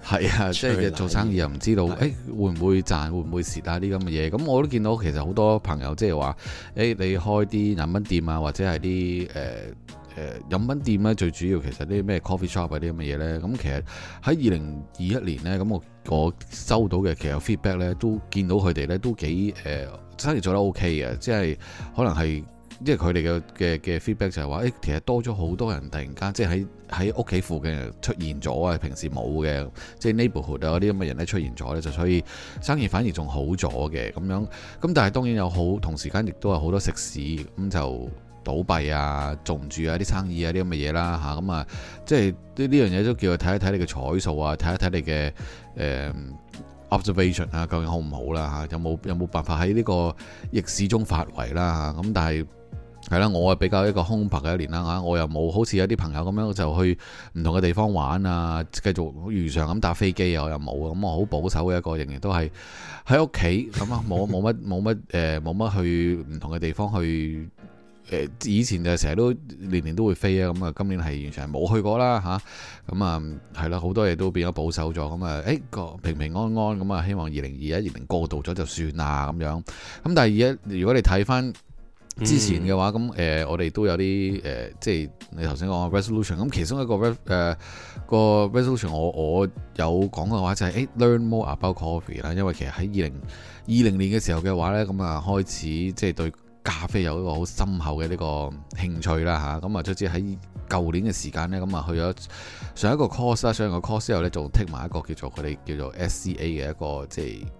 係啊，亂即係做生意又唔知道，誒會唔會賺，會唔會蝕啊啲咁嘅嘢。咁我都見到其實好多朋友即係話，誒你開啲飲品店啊，或者係啲誒誒飲品店咧、啊，最主要其實啲咩 coffee shop 嗰啲咁嘅嘢咧。咁其實喺二零二一年咧，咁我我收到嘅其實 feedback 咧，都見到佢哋咧都幾誒、呃、生意做得 OK 嘅，即係可能係。即係佢哋嘅嘅嘅 feedback 就係話，誒其實多咗好多人突然間，即係喺喺屋企附近出現咗啊，平時冇嘅，即係 neighborhood 啊嗰啲咁嘅人咧出現咗咧，就所以生意反而仲好咗嘅咁樣。咁但係當然有好，同時間亦都有好多食肆咁就倒閉啊、做唔住啊啲生意啊啲咁嘅嘢啦吓，咁啊，即係呢呢樣嘢都叫佢睇一睇你嘅彩數啊，睇一睇你嘅誒 observation 啊，究竟好唔好啦吓，有冇有冇辦法喺呢個逆市中發圍啦咁但係。係啦，我啊比較一個空白嘅一年啦吓、啊，我又冇好似有啲朋友咁樣就去唔同嘅地方玩啊，繼續如常咁搭飛機，我又冇咁、啊、我好保守嘅一個仍然都係喺屋企咁啊，冇冇乜冇乜誒，冇乜、呃、去唔同嘅地方去誒、呃，以前就成日都年年都會飛啊，咁啊今年係完全係冇去過啦吓，咁啊係啦，好、啊、多嘢都變咗保守咗，咁啊誒個、欸、平平安安咁啊，希望二零二一、年零過渡咗就算啦咁、啊、樣，咁但係而家如果你睇翻。嗯、之前嘅話，咁誒、呃、我哋都有啲誒、呃，即係你頭先講嘅 resolution。咁 res 其中一個，呃、個 res resolution，我我有講嘅話就係、是、誒 learn more about coffee 啦。因為其實喺二零二零年嘅時候嘅話呢，咁啊開始即係對咖啡有一個好深厚嘅呢個興趣啦嚇。咁啊，甚至喺舊年嘅時間呢，咁啊去咗上一個 course 啦，上一個 course 之後咧，仲 take 埋一個，一個叫做佢哋叫做 SCA 嘅一個即係。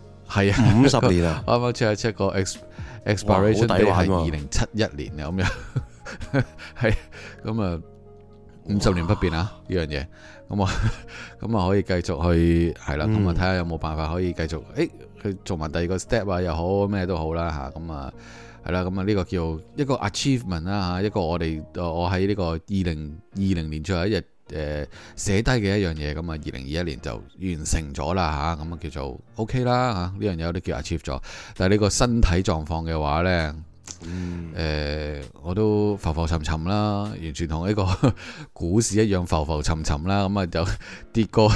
係啊，五十年啊，啱啱 check 下 check、個 ex expiration date 係二零七一年啊，咁樣係咁啊，五十 年不變啊呢哇樣嘢，咁啊咁啊可以繼續去係啦，咁啊睇下有冇辦法可以繼續誒，去、嗯欸、做埋第二個 step 啊又好咩都好啦吓，咁啊係啦，咁啊呢個叫一個 achievement 啦吓，一個我哋我喺呢個二零二零年最後一日。誒、呃、寫低嘅一樣嘢咁啊，二零二一年就完成咗啦吓，咁啊叫做 OK 啦嚇，呢樣嘢有啲叫 Achieve 咗，但係你個身體狀況嘅話呢。嗯，誒、呃，我都浮浮沉沉啦，完全同呢、這個股市一樣浮浮沉沉啦。咁、嗯、啊，就跌過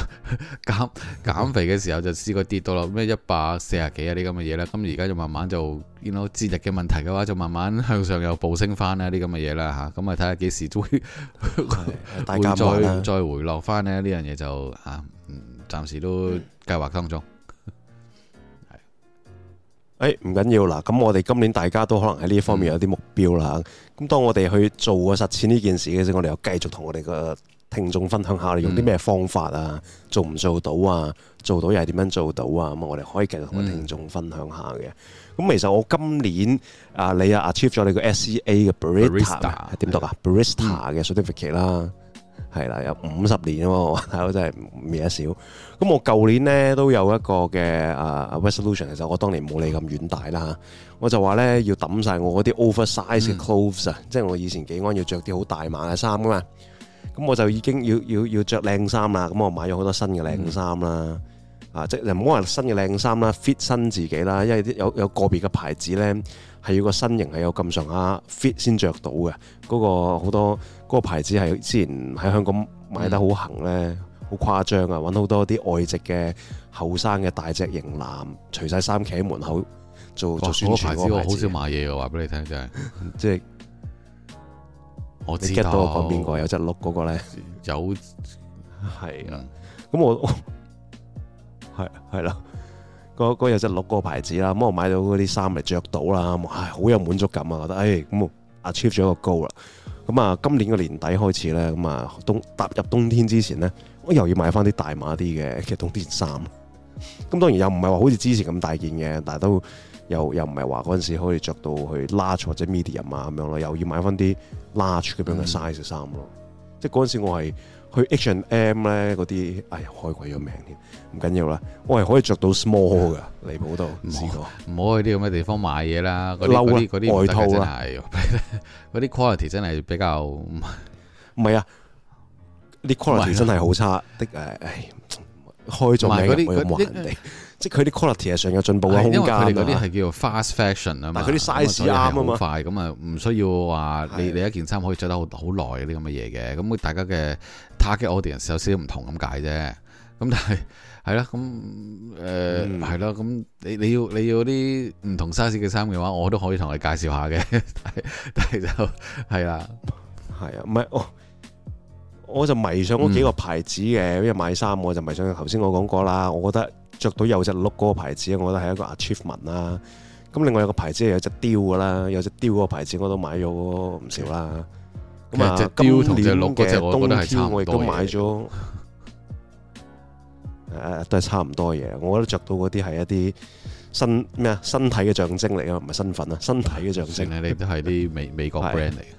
減減 肥嘅時候就試過跌到落咩一百四十幾啊啲咁嘅嘢啦。咁而家就慢慢就見到節日嘅問題嘅話，就慢慢向上又暴升翻啦，呢咁嘅嘢啦吓。咁、嗯、 再啊，睇下幾時會會再再回落翻呢？呢樣嘢就啊、嗯，暫時都計劃當中。嗯誒，唔緊要啦，咁我哋今年大家都可能喺呢方面有啲目標啦。咁、嗯、當我哋去做過實踐呢件事嘅時候，我哋又繼續同我哋嘅聽眾分享下，你用啲咩方法啊？嗯、做唔做到啊？做到又係點樣做到啊？咁我哋可以繼續同聽眾分享下嘅。咁、嗯、其實我今年啊，你啊 achieve 咗你個 S C A 嘅 barista 點讀啊？barista 嘅 certificate 啦。的係啦，有五十年啊， 真得我真係咩少。咁我舊年呢，都有一個嘅啊、uh, resolution，其實我當年冇你咁遠大啦，我就話呢，要抌晒我嗰啲 oversize clothes 啊、嗯，即係我以前幾安要着啲好大碼嘅衫噶嘛。咁、嗯、我就已經要要要着靚衫啦，咁我買咗好多新嘅靚衫啦。嗯啊！即係唔好話新嘅靚衫啦，fit 新自己啦，因為啲有有個別嘅牌子咧，係要個身形係有咁上下 fit 先着到嘅。嗰個好多嗰個牌子係之前喺香港買得好行咧，好誇張啊！揾好多啲外籍嘅後生嘅大隻型男，除晒衫企喺門口做做宣傳嗰個牌子，我好少買嘢，我話俾你聽，真係即係我記得嗰個邊個有隻鹿嗰個咧，有係啊！咁我。係係啦，嗰嗰、那個、日只六嗰個牌子啦，咁我買到嗰啲衫嚟着到啦，唉，好有滿足感啊！覺得，唉，咁我 achieve 咗個高 o 啦。咁啊，今年嘅年底開始咧，咁啊冬踏入冬天之前咧，我又要買翻啲大碼啲嘅嘅冬天衫。咁當然又唔係話好似之前咁大件嘅，但係都又又唔係話嗰陣時可以着到去 large 或者 medium 啊咁樣咯，又要買翻啲 large 咁樣嘅 size 衫咯。嗯、即係嗰陣時我係。去 H and M 咧嗰啲，哎呀，開鬼咗名添，唔緊要啦，我係可以著到 small 噶，嚟到嗰度，唔知唔好去啲咁嘅地方買嘢啦，嗰啲嗰啲外套嗰啲真係，嗰啲 quality 真係比較唔係啊，啲 quality 真係好差的誒，哎，開咗名我有冇人哋？即係佢啲 quality 係上有進步嘅空間，因為佢哋嗰啲係叫做 fast fashion 啊嘛，佢啲 size 啱啊嘛，咁啊唔需要話你是的 你一件衫可以着得好好耐嗰啲咁嘅嘢嘅，咁大家嘅 target audience 有少少唔同咁解啫，咁但係係咯，咁誒係咯，咁、呃嗯、你你要你要啲唔同 size 嘅衫嘅話，我都可以同你介紹下嘅，但係就係啦，係啊，唔係我我就迷上嗰幾個牌子嘅，因為、嗯、買衫我就迷上頭先我講過啦，我覺得。着到有隻鹿嗰個牌子，我覺得係一個 achievement 啦。咁另外有個牌子係有隻雕噶啦，有隻雕個牌子我都買咗唔少啦。咁啊，今年嘅冬天我亦 都買咗，誒，都係差唔多嘢。我覺得着到嗰啲係一啲身咩啊，身體嘅象徵嚟咯，唔係身份啊，身體嘅象徵。你都係啲美美國 brand 嚟嘅，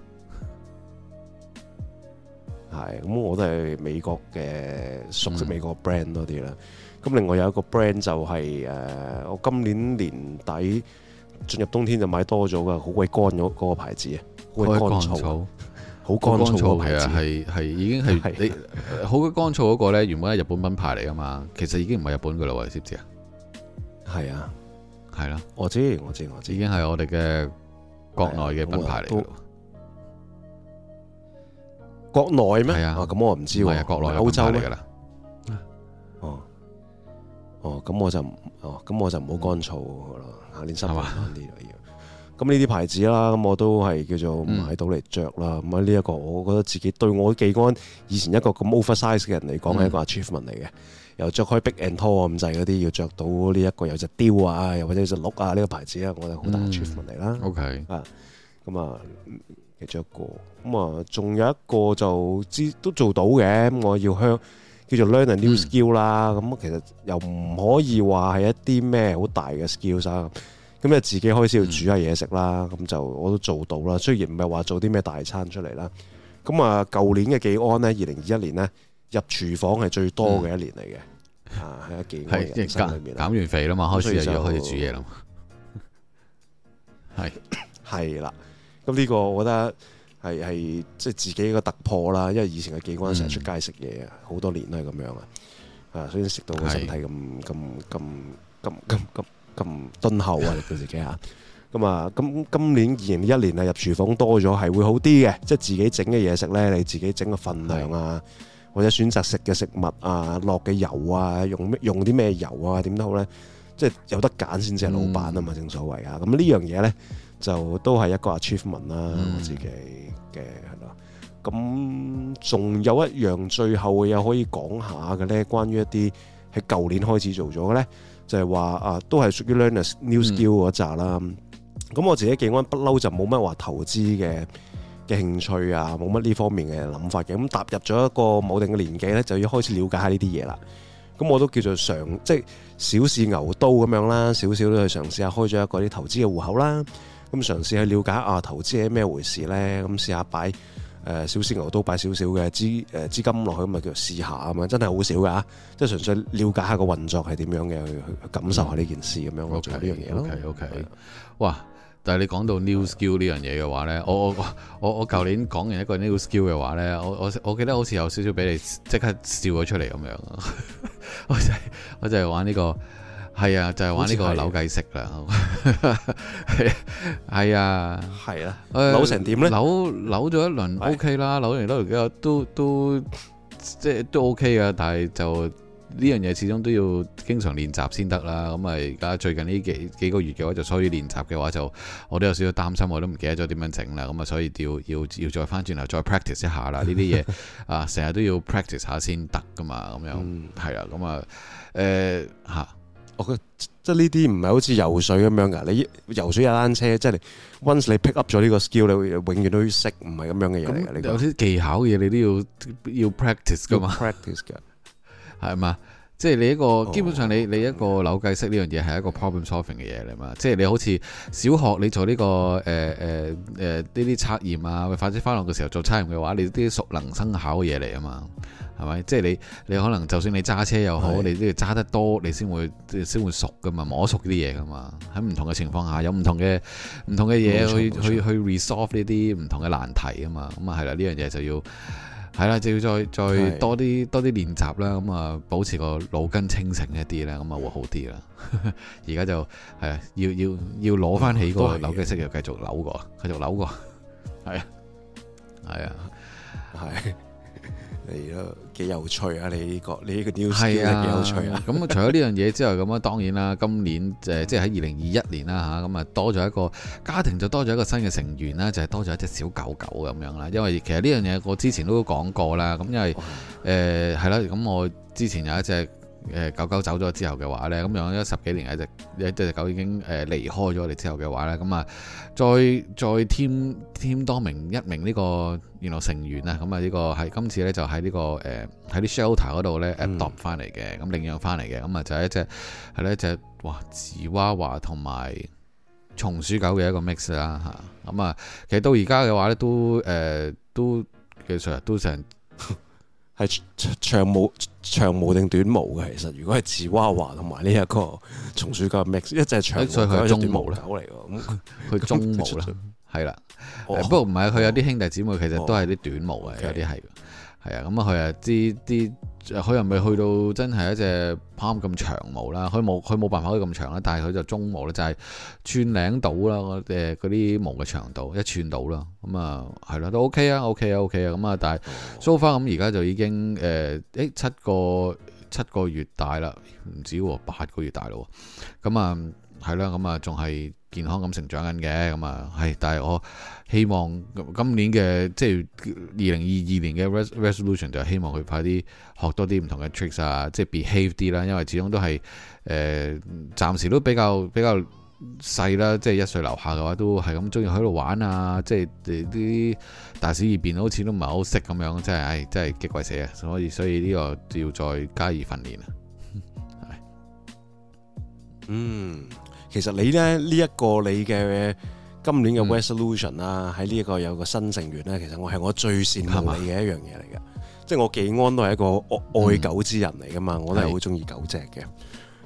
係咁，我都係美國嘅，熟悉美國 brand 多啲啦。咁另外有一個 brand 就係、係、誒、呃，我今年年底進入冬天就買多咗噶，好鬼乾咗嗰個牌子啊，好乾燥，好 乾燥嘅牌子，係 已經係、啊、你好鬼乾燥嗰個咧，原本係日本品牌嚟噶嘛，其實已經唔係日本噶啦，你知唔知啊？係啊，係啦，我知我知我知，已經係我哋嘅國內嘅品牌嚟嘅、啊，國內咩？啊咁、啊、我唔知喎、啊啊，國內歐、啊、洲嚟噶啦。哦，咁我就哦，咁我就唔好乾燥咯，嗯、下年新年暖啲咯要。咁呢啲牌子啦，咁我都係叫做買到嚟着啦。咁喺呢一個，我覺得自己對我既安以前一個咁 oversize 嘅人嚟講，係一個 achievement 嚟嘅。又着、嗯、開 big and tall 咁滯嗰啲，要着到呢一個有隻雕啊，又或者隻鹿啊呢個牌子啊，這個、我就好大 achievement 嚟啦、嗯。OK 啊，咁啊，着、嗯、一個咁啊，仲有一個就知都做到嘅，我要向。叫做 learn a new skill 啦、嗯，咁其實又唔可以話係一啲咩好大嘅 skill 啊，咁就自己開始要煮下嘢食啦，咁、嗯、就我都做到啦。雖然唔係話做啲咩大餐出嚟啦，咁啊舊年嘅期間呢，二零二一年呢，入廚房係最多嘅一年嚟嘅，啊喺一期間嘅時間裏面減完肥啦嘛，開始又要開始煮嘢啦，係係啦，咁呢 個我覺得。係係即係自己一個突破啦，因為以前嘅警官成日出街食嘢啊，好、嗯、多年都係咁樣啊，嗯、啊，所以食到個身體咁咁咁咁咁咁咁咁敦厚啊，叫、 嗯、自己吓咁啊，咁今年二零二一年啊，入廚房多咗，係會好啲嘅，即係自己整嘅嘢食咧，你自己整個份量啊，是或者選擇食嘅食物啊，落嘅油啊，用咩用啲咩油啊，點都、啊、好咧，即係有得揀先至係老闆啊嘛，正所謂啊，咁、嗯嗯、呢樣嘢咧。就都係一個 achievement 啦，我、嗯、自己嘅係咯。咁仲有一樣最後又可以講下嘅咧，關於一啲喺舊年開始做咗嘅咧，就係、是、話啊，都係屬於 learn new skill 嗰扎啦。咁、嗯、我自己記安不嬲就冇乜話投資嘅嘅興趣啊，冇乜呢方面嘅諗法嘅。咁踏入咗一個冇定嘅年紀咧，就要開始了解下呢啲嘢啦。咁我都叫做嘗，即係小試牛刀咁樣啦，少少都去嘗試下開咗一個啲投資嘅戶口啦。咁嘗試去了解啊，投資係咩回事咧？咁試下擺誒小鮮牛都擺少少嘅資誒、呃、資金落去，咁咪叫試下咁嘛！真係好少嘅，即係純粹了解下個運作係點樣嘅，去感受下呢件事咁樣，我、嗯、做呢樣嘢咯。OK OK，、嗯嗯、哇！但係你講到 new skill 呢樣嘢嘅話咧、嗯，我我我我舊年講完一個 new skill 嘅話咧，我我我記得好似有少少俾你即刻笑咗出嚟咁樣 我、就係。我就我就係玩呢、呢個。係 Tipp ett ings quarto 啊，就係玩呢個扭計骰啦。係啊，係啊，扭成點咧？扭扭咗一輪 O K 啦，扭完都都即係都 O K 啊。但係就呢樣嘢始終都要經常練習先得啦。咁咪而家最近呢幾幾個月嘅話，就所以練習嘅話就我都有少少擔心，我都唔記得咗點樣整啦。咁啊，所以要要要再翻轉頭再 practice 一下啦。呢啲嘢啊，成日都要 practice 下先得噶嘛。咁樣係啦，咁啊誒吓。我覺得即係呢啲唔係好似游水咁樣㗎，你游水、踩單車，即係你 once 你 pick up 咗呢個 skill，你永遠都要識，唔係咁樣嘅嘢嚟嘅。那你有啲技巧嘅嘢，你都要要 practice 㗎嘛。practice 㗎係嘛？即係你一個、oh, 基本上你你一個扭計式呢樣嘢係一個 problem solving 嘅嘢嚟嘛？即係你好似小學你做呢、這個誒誒誒呢啲測驗啊，或者返學嘅時候做測驗嘅話，你啲熟能生巧嘅嘢嚟啊嘛？係咪？即係你，你可能就算你揸車又好，是的 你都要揸得多，你先會先會熟噶嘛，摸熟啲嘢噶嘛。喺唔同嘅情況下，有唔同嘅唔同嘅嘢去錯去去 resolve 呢啲唔同嘅難題啊嘛。咁啊係啦，呢樣嘢就要係啦，就要再再，再多啲多啲練習啦。咁啊，保持個腦筋清醒一啲咧，咁啊會好啲啦。而 家就係要要要攞翻起嗰個扭計式，要繼續扭過，繼續扭過，係係啊，係。 嚟幾有趣，有趣啊！你呢個你呢個屌係，幾有趣啊！咁除咗呢樣嘢之外，咁啊，當然啦，今年、呃、即係喺二零二一年啦嚇，咁啊多咗一個家庭，就多咗一個新嘅成員啦，就係、係、多咗一隻小狗狗咁樣啦。因為其實呢樣嘢我之前都講過啦，咁因為誒係啦，咁、呃啊、我之前有一隻。誒狗、呃、狗走咗之後嘅話咧，咁樣一十幾年一隻一隻狗已經誒離開咗我哋之後嘅話咧，咁啊再再添添多名一名呢個原來成員啊。咁啊呢個喺今次咧就喺呢個誒喺啲 shelter 嗰度咧 adopt 翻嚟嘅，咁領養翻嚟嘅，咁啊就一隻係呢一隻哇吉娃娃同埋松鼠狗嘅一個 mix 啦嚇，咁、嗯、啊其實到而家嘅話咧都誒、呃、都其實都成。係長毛長毛定短毛嘅其實，如果係芝娃娃同埋呢一個松鼠狗 mix，一隻長毛嘅中毛短毛狗嚟喎，佢 中毛啦，係啦。不過唔係，佢有啲兄弟姊妹其實都係啲短毛嘅，oh. Okay. 有啲係，係啊。咁啊，佢啊啲啲。佢又未去到真係一隻刨咁長毛啦，佢冇佢冇辦法可以咁長啦，但係佢就中毛咧，就係、是、寸領到啦，誒嗰啲毛嘅長度一寸到啦，咁啊係咯，都 OK 啊 OK 啊 OK 啊咁啊，但係 so far 咁而家就已經誒誒、呃、七個七個月大啦，唔止喎，八個月大咯，咁啊係啦，咁啊仲係。健康咁成長緊嘅咁啊，係，但係我希望今年嘅即係二零二二年嘅 resolution 就係希望佢快啲學多啲唔同嘅 tricks 啊，即係 behave 啲啦，因為始終都係誒暫時都比較比較細啦，即係一歲樓下嘅話都係咁中意喺度玩啊，即係啲大小二便好似都唔係好識咁樣，真係唉、哎、真係激鬼死啊！所以所以呢個要再加以訓練啊， 是嗯。其實你咧呢一、呢個你嘅今年嘅 resolution 啦、嗯，喺呢一個有一個新成員咧，其實我係我最擅你嘅一樣嘢嚟嘅，吧即係我寄安都係一個愛，愛狗之人嚟噶嘛，嗯、我都係好中意狗隻嘅。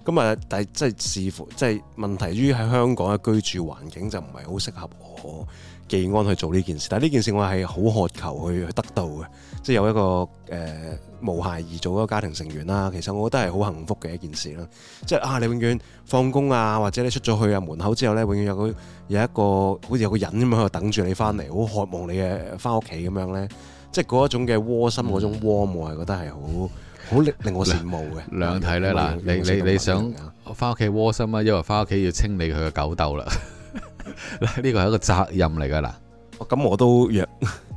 咁啊是，但係即係視乎即係問題於喺香港嘅居住環境就唔係好適合我寄安去做呢件事，但係呢件事我係好渴求去得到嘅。即係有一個誒、呃、無瑕而做一個家庭成員啦，其實我覺得係好幸福嘅一件事啦。即係啊，你永遠放工啊，或者你出咗去啊，門口之後咧，永遠有個有一個好似有個人咁樣喺度等住你翻嚟，好渴望你嘅翻屋企咁樣咧。即係嗰一種嘅窩心，嗰種窩心，係覺得係好好令令我羨慕嘅。兩睇咧嗱，你你你想翻屋企窩心啊？因為翻屋企要清理佢嘅狗竇啦。嗱，呢個係一個責任嚟噶啦。咁、啊、我都約。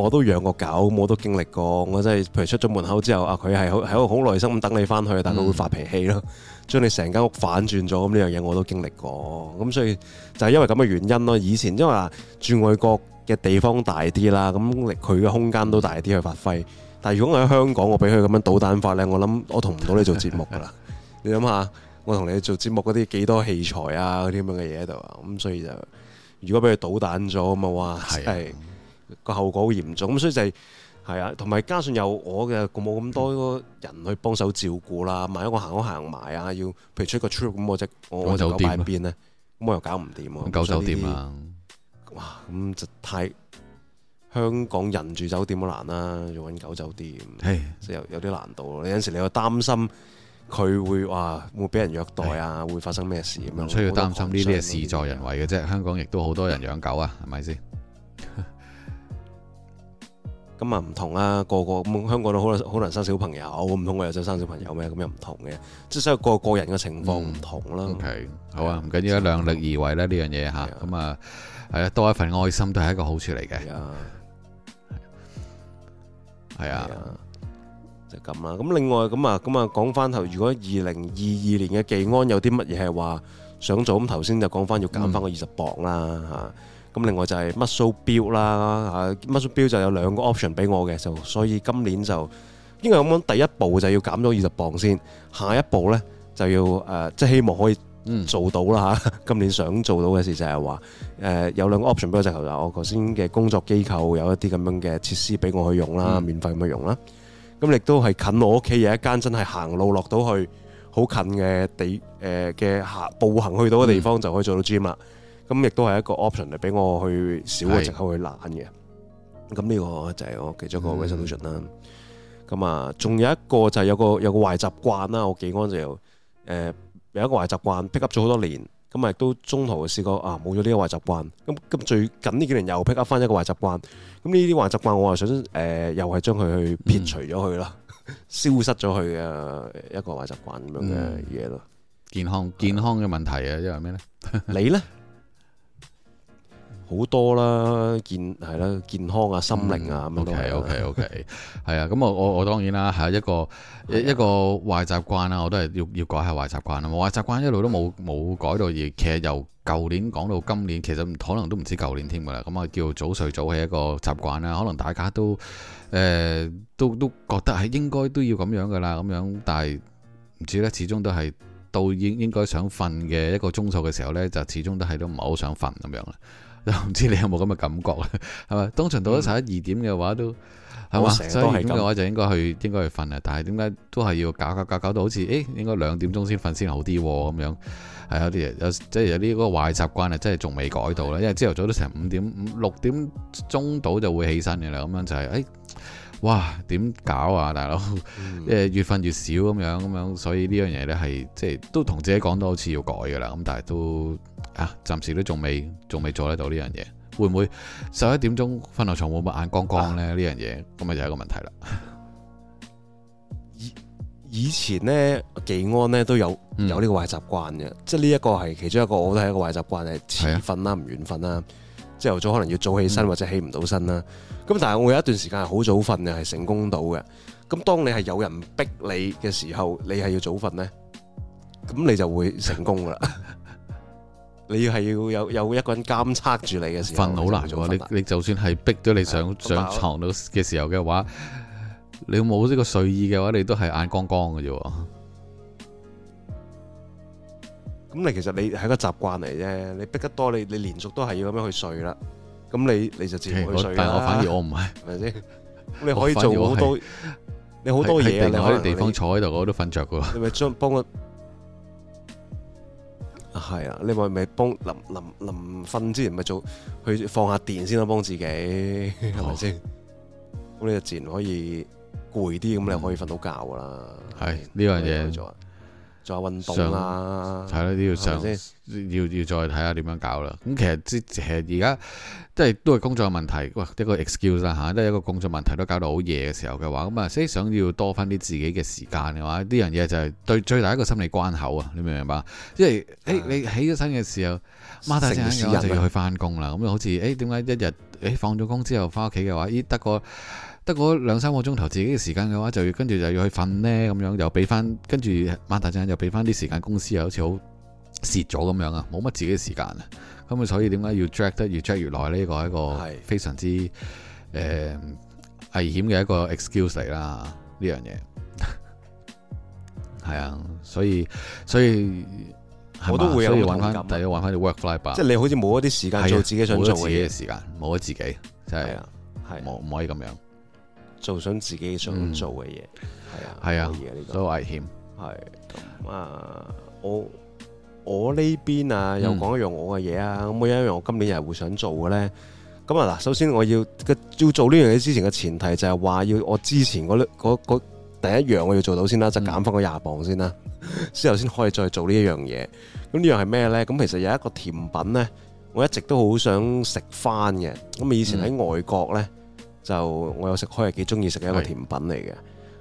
我都養過狗，我都經歷過。我真係，譬如出咗門口之後啊，佢係喺度好耐心咁等你翻去，但佢會發脾氣咯，將、嗯、你成間屋反轉咗。咁呢樣嘢我都經歷過。咁所以就係因為咁嘅原因咯。以前因為住外國嘅地方大啲啦，咁佢嘅空間都大啲去發揮。但係如果我喺香港我，我俾佢咁樣搗蛋法呢，我諗我同唔到你做節目噶啦。 你諗下，我同你做節目嗰啲幾多器材啊，嗰啲咁樣嘅嘢喺度啊。咁所以就如果俾佢搗蛋咗咁啊，哇！係的。 個後果好嚴重咁，所以就係係啊，同埋加上有我嘅冇咁多人去幫手照顧啦，萬一我行開行埋啊，要譬如出個 trip 咁，我即我我搞喺邊咧，咁我又搞唔掂啊。狗酒店啊，哇！咁就太香港人住酒店好難啦，要揾狗酒店即有有啲難度。有陣時你又擔心佢會話會俾人虐待啊，會發生咩事咁樣，所以要擔心呢啲嘢，事在人為嘅啫。香港亦都好多人養狗啊，係咪先？咁啊唔同啦，個個咁香港都好難，好難生小朋友，唔通我又想生小朋友咩？咁又唔同嘅，即係所有個個人嘅情況唔同啦。好啊，唔緊要啦，量力而為啦呢樣嘢吓。咁啊係啊，多一份愛心都係一個好處嚟嘅。係啊，係啊，就咁啦。咁另外咁啊，咁啊講翻頭，如果二零二二年嘅技安有啲乜嘢係話想做，咁頭先就講翻要減翻個二十磅啦吓。咁另外就係 muscle build 啦嚇，muscle build 就有兩個 option 俾我嘅，就所以今年就應該咁講，第一步就要減咗二十磅先，下一步咧就要誒、呃，即係希望可以做到啦嚇。嗯、 今年想做到嘅事就係話誒有兩個 option 俾我，就係我頭先嘅工作機構有一啲咁樣嘅設施俾我去用啦，嗯、免費咁樣用啦。咁亦都係近我屋企有一間真係行路落到去好近嘅地誒嘅、呃、步行去到嘅地方就可以做到 gym 啦。嗯咁亦都係一個 option 嚟，俾我去少嘅借口去懶嘅。咁呢是個就係我其中一個 resolution 啦。咁啊、嗯，仲有一個就係有個有個壞習慣啦。我記安就誒有一個壞習慣，pick up 咗好多年。咁啊，亦都中途試過啊，冇咗呢個壞習慣。咁咁最近呢幾年又 pick up 翻一個壞習慣。咁呢啲壞習慣，我又想誒，又係將佢去撇除咗佢囉，嗯、消失咗佢嘅一個壞習慣咁樣嘅嘢咯。健康健康嘅問題啊，因為咩咧？ 你咧？好多啦，健係啦，健康啊，心靈啊咁樣都係啦。O K O K 係啊。咁我我我當然啦，係一個一 一個壞習慣啦。我都係要要改下壞習慣啦。壞習慣一路都冇冇改到而，其實由舊年講到今年，其實可能都唔止舊年添噶啦。咁啊，叫早睡早起一個習慣啦。可能大家都誒、呃、都都覺得係應該都要咁樣噶啦。咁樣但係唔知咧，始終都係到應應該想瞓嘅一個鐘數嘅時候咧，就始終都係都唔係好想瞓咁樣啦。都唔知你有冇咁嘅感覺咧，係咪？通常到咗十一二點嘅話都係嘛，所以點嘅話就應該去應該去瞓啊。但係點解都係要搞搞搞搞到好似誒應該兩點鐘先瞓先好啲咁樣？係有啲嘢有即係有啲嗰個壞習慣啊，真係仲未改到啦。是因為朝頭早都成五點五六點鐘到就會起身嘅啦，咁樣就係、是、誒。誒哇，點搞啊，大佬！誒，越瞓越少咁樣咁樣，所以呢樣嘢咧係即係都同自己講到好似要改嘅啦，咁但係都啊，暫時都仲未仲未做得到呢樣嘢，會唔會十一點鐘瞓落床會唔會眼光光咧？呢樣嘢咁咪就係一個問題啦。以以前呢，幾安呢都有有呢個壞習慣嘅，嗯、即係呢一個係其中一個我都係一個壞習慣係遲瞓啦，唔願瞓啦，朝頭是、啊、早可能要早起身或者起唔到身啦。嗯。咁但係我有一段時間係好早瞓嘅，係成功到嘅。咁當你係有人逼你嘅時候，你係要早瞓咧，咁你就會成功噶啦。你要係要有有一個人監察住你嘅時候，瞓好難噶。你你就算係逼咗你上上床嘅時候嘅話，你冇呢個睡意嘅話，你都係眼光光嘅啫。咁你其實你係個習慣嚟啫，你逼得多，你你連續都係要咁樣去睡啦。咁你你就自然去睡，但係我反而我唔係，係咪先？你可以做好多，你好多嘢你可以地方坐喺度，我都瞓著噶。你咪將幫我，係啊！你咪咪幫臨臨臨瞓之前咪做，去放下電先咯，幫自己係咪先？咁你就自然可以攰啲，咁你可以瞓到覺噶啦。係呢樣嘢。做。做下運動啊，係咯，都要上先，要是是要，要再睇下點樣搞啦。咁其實，其實即係而家即係都係工作問題，喂，一個 excuse 啦吓，都係一個工作問題，都搞到好夜嘅時候嘅話，咁啊，即係想要多翻啲自己嘅時間嘅話，呢樣嘢就係對最大一個心理關口啊，你明唔明白？因為誒、欸、你起咗身嘅時候，抹下身，然後就要去翻工啦。咁好似誒點解一日誒、欸、放咗工之後翻屋企嘅話，咦，得個。得嗰兩三個鐘頭自己嘅時間嘅話，就要跟住就要去瞓呢。咁樣又俾翻跟住晚大陣又俾翻啲時間公司，又好似好蝕咗咁樣啊，冇乜自己嘅時間啊。咁啊，所以點解要 drag 得越 drag 越耐呢？這個一個係非常之誒是、呃、危險嘅一個 excuse 嚟啦。呢樣嘢係 啊，所以所以我都會有同感。第一，揾翻啲 work life，即係你好似冇一啲時間做自己想做嘅嘢，啊、自己時間冇咗自己，真係係唔可以咁樣。做想自己想做嘅嘢，係、嗯、啊，係啊，這個，都危險。係啊，我我呢邊啊，又講、嗯、一樣我嘅嘢啊。咁啊，有一樣我今年又係會想做嘅咧。咁啊，嗱，首先我要要做呢樣嘢之前嘅前提就係話要我之前第一樣我要做到先啦，就減翻個廿磅先啦，之後先可以再做呢一樣嘢。咁呢樣係咩咧？咁其實有一個甜品咧，我一直都好想食翻嘅。咁啊，以前喺外國咧。嗯就我有食開係幾中意食嘅一個甜品嚟嘅。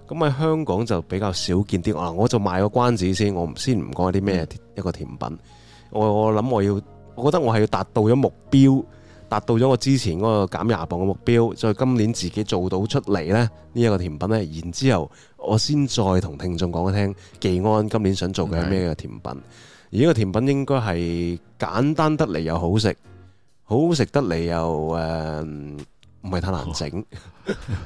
咁喺是香港就比較少見啲。啊，我就賣個關子先，我先唔講啲咩一個甜品。我我諗我要，我覺得我係要達到咗目標，達到咗我之前嗰個減廿磅嘅目標，再今年自己做到出嚟咧呢一個甜品呢，然之後我先再同聽眾講一聽。記安今年想做嘅係咩嘅甜品？是而呢個甜品應該係簡單得嚟又好食，好食得嚟又誒。嗯唔係太難整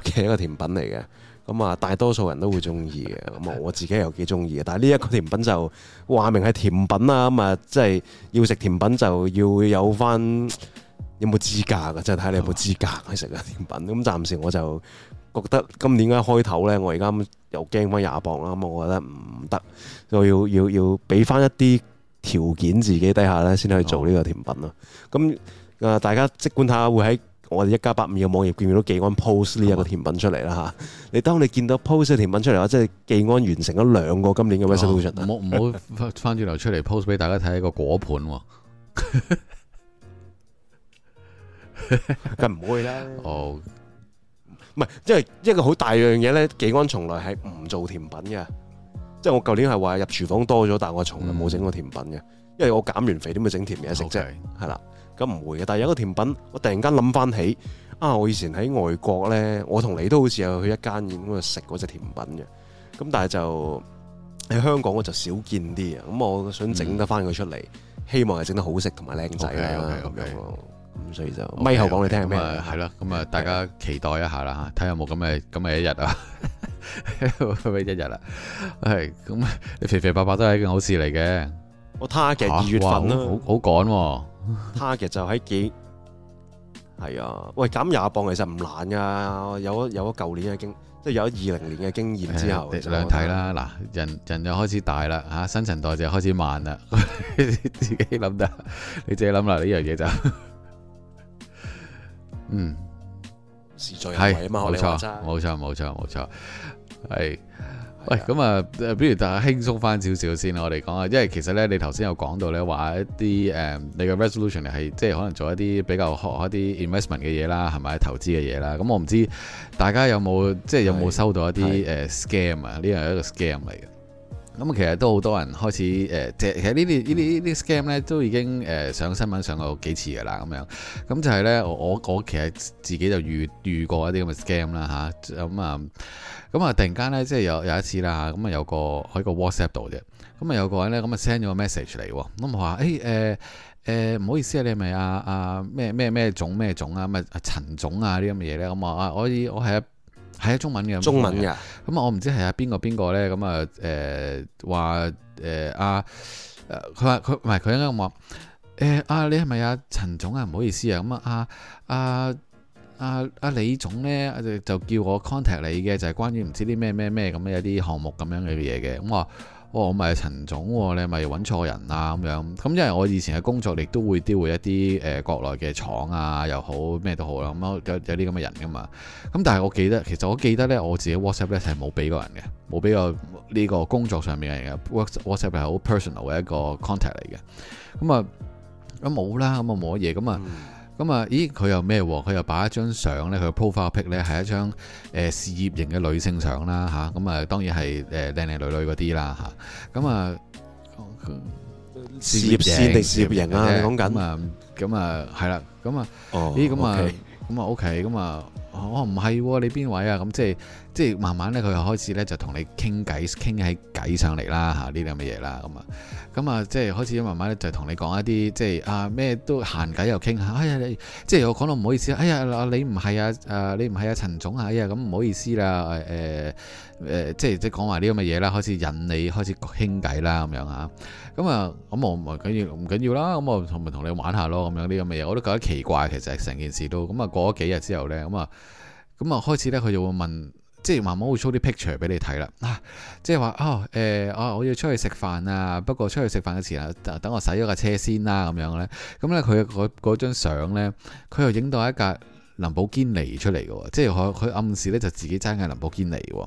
嘅一個甜品嚟嘅，咁啊大多數人都會中意嘅，咁啊我自己又幾中意嘅。但係呢一個甜品就話明係甜品啦，咁啊即係要食甜品就要有翻有冇資格嘅，即係睇你有冇資格去食嘅甜品。咁暫時我就覺得今年一開頭呢，我而家又驚翻廿磅啦，咁我覺得唔得，所以要要要俾翻一啲條件自己底下呢先去做呢個甜品咯。咁啊大家即管睇下會喺。我哋一家八五嘅網頁見到忌安 post 呢一個甜品出嚟啦嚇！吧 你當你見到 post 個甜品出嚟嘅話，即係忌安完成咗兩個今年嘅 resolution 唔好唔好翻翻轉頭出嚟 post 俾大家睇一個果盤喎、啊，梗唔 會啦！哦、oh.，唔係，即係一個好大樣嘢咧，忌安從來係唔做甜品嘅，即係我舊年係話入廚房多咗，但係我從來冇整過甜品嘅，嗯、因為我減完肥點會整甜嘢食啫，係啦 Okay.。咁唔會嘅，但係有個甜品，我突然間諗翻起啊！我以前喺外國咧，我同你都好似有去一間店咁啊，食嗰隻甜品嘅。咁但係就喺香港我就少見啲啊。咁我想整得翻佢出嚟，嗯、希望係整得好食同埋靚仔啦。咁、okay, okay , okay. 所以就咪後講你聽係咩？係啦，咁啊，嗯、大家期待一下啦睇下有冇咁嘅咁嘅一日啊，俾 一日啦、啊。係咁，你肥肥白白都係一件好事嚟嘅。我睇下其實二月份啦、啊，好好，好，好趕喎、啊。他 a r 就喺幾係啊？喂，減廿磅其實唔難㗎，有有舊年嘅經，即係有二零年嘅經驗之後、哎，兩睇啦。嗱、嗯，人人又開始大啦，吓、啊、新陳代謝開始慢啦， 你自己諗得，你自己諗落呢樣嘢就 嗯，事在人為冇錯，冇錯是，冇錯對，冇錯，係錯。喂，咁啊，不如大家輕鬆翻少少先，我哋講下，因為其實咧，你頭先有講到咧，話一啲誒，你嘅 resolution 係即係可能做一啲比較學一啲 investment 嘅嘢啦，係咪投資嘅嘢啦？咁我唔知大家有冇即係有冇收到一啲誒 scam 啊？呢樣係一個 scam 嚟嘅。咁其實都好多人開始誒，即係其實呢啲呢啲呢啲 scam 咧，都已經誒上新聞上過幾次嘅啦，咁樣。咁就係咧，我我其實自己就遇遇過一啲咁嘅 scam 啦，吓咁啊，咁啊，突然間咧，即係有有一次啦，咁啊有個喺個 WhatsApp 度啫。咁啊有個人咧，咁啊 send 咗個 message 嚟，咁我話：誒誒誒，唔好意思啊，你係咪啊啊咩咩咩總咩總啊？咪陳總啊啲咁嘅嘢咧？咁我話：我以我係係啊，中文嘅。中文嘅。咁啊，我唔知係啊，邊個邊個咧？咁啊，誒話誒阿，佢話佢唔係佢應該咁話誒啊，你係咪啊陳總啊？唔好意思啊。咁、嗯、啊啊啊阿李總咧，就叫我 contact 你嘅，就係、是、關於唔知啲咩咩咩咁嘅一啲項目咁樣嘅嘢嘅。咁、嗯、我。嗯嗯嗯我咪係陳總喎，哦，你咪揾錯人啦、啊、咁樣。咁因為我以前嘅工作，亦都會調回一啲誒國內嘅廠啊，又好咩都好啦。咁有有啲咁嘅人噶嘛。咁但係我記得，其實我記得咧，我自己 WhatsApp 咧係冇俾過人嘅，冇俾過呢個工作上面嘅 WhatsApp，WhatsApp 係好 personal 嘅一個 contact 嚟嘅。咁啊咁冇啦，咁啊冇乜嘢咁啊。咁啊，咦、嗯，佢又咩喎？佢又擺一張相咧，佢 profile pic 咧係一張誒、呃、事業型嘅女性相啦，吓，咁啊，當然係誒靚靚女女嗰啲啦，吓，咁啊，事業線定事業型啊？講緊，啊，咁、嗯、啊，係、嗯、啦，咁啊，咦，咁啊。咁啊 OK，咁啊我唔係你邊位啊？咁即係即係慢慢咧，佢又開始咧就同你傾偈，傾喺偈上嚟啦嚇，呢啲咁嘅嘢啦，咁啊咁啊即係開始慢慢咧就同你講一啲即係啊咩都閒偈又傾下，哎呀你即係我講到唔好意思啊，哎呀你唔係啊，啊你唔係啊陳總啊，哎呀咁唔好意思啦誒誒。誒、呃、即係即係講埋啲咁嘅嘢啦，開始引你開始傾偈啦咁樣啊，咁啊咁我唔緊要唔緊要啦，咁我同咪同你玩下咯咁樣啲咁嘅嘢，我都覺得奇怪，其實成件事都咁啊，過咗幾日之後咧，咁啊咁啊開始咧佢就會問，即係慢慢會 show 啲 picture 俾你睇啦，即係話哦誒啊、呃、我要出去食飯啊，不過出去食飯嘅時候啊等我洗咗架車先啦咁樣咧，咁咧佢嗰張相咧佢又影到一架林寶堅尼出嚟嘅喎，即係佢佢暗示咧就自己揸緊林寶堅尼喎。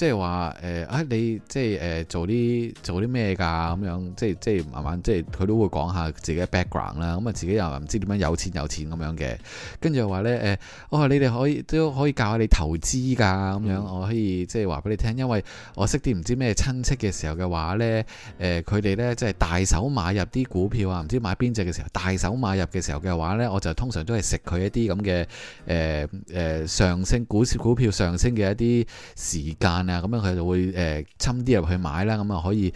即係話誒啊！你即係誒、呃、做啲做啲咩㗎咁樣？即係即係慢慢即係佢都會講下自己嘅 background 啦。咁啊，自己又唔知點樣有錢有錢咁樣嘅。跟住又話呢誒，哦你哋可以都可以教下你投資㗎咁樣。我可以即係話俾你聽，因為我識啲唔知咩親戚嘅時候嘅話呢，誒、呃，佢哋呢，即係大手買入啲股票啊，唔知買邊隻嘅時候，大手買入嘅時候嘅話呢，我就通常都係食佢一啲咁嘅誒誒上升股股票上升嘅一啲時間。啊，咁樣佢就會誒、呃，侵啲入去買啦，咁啊可以誒，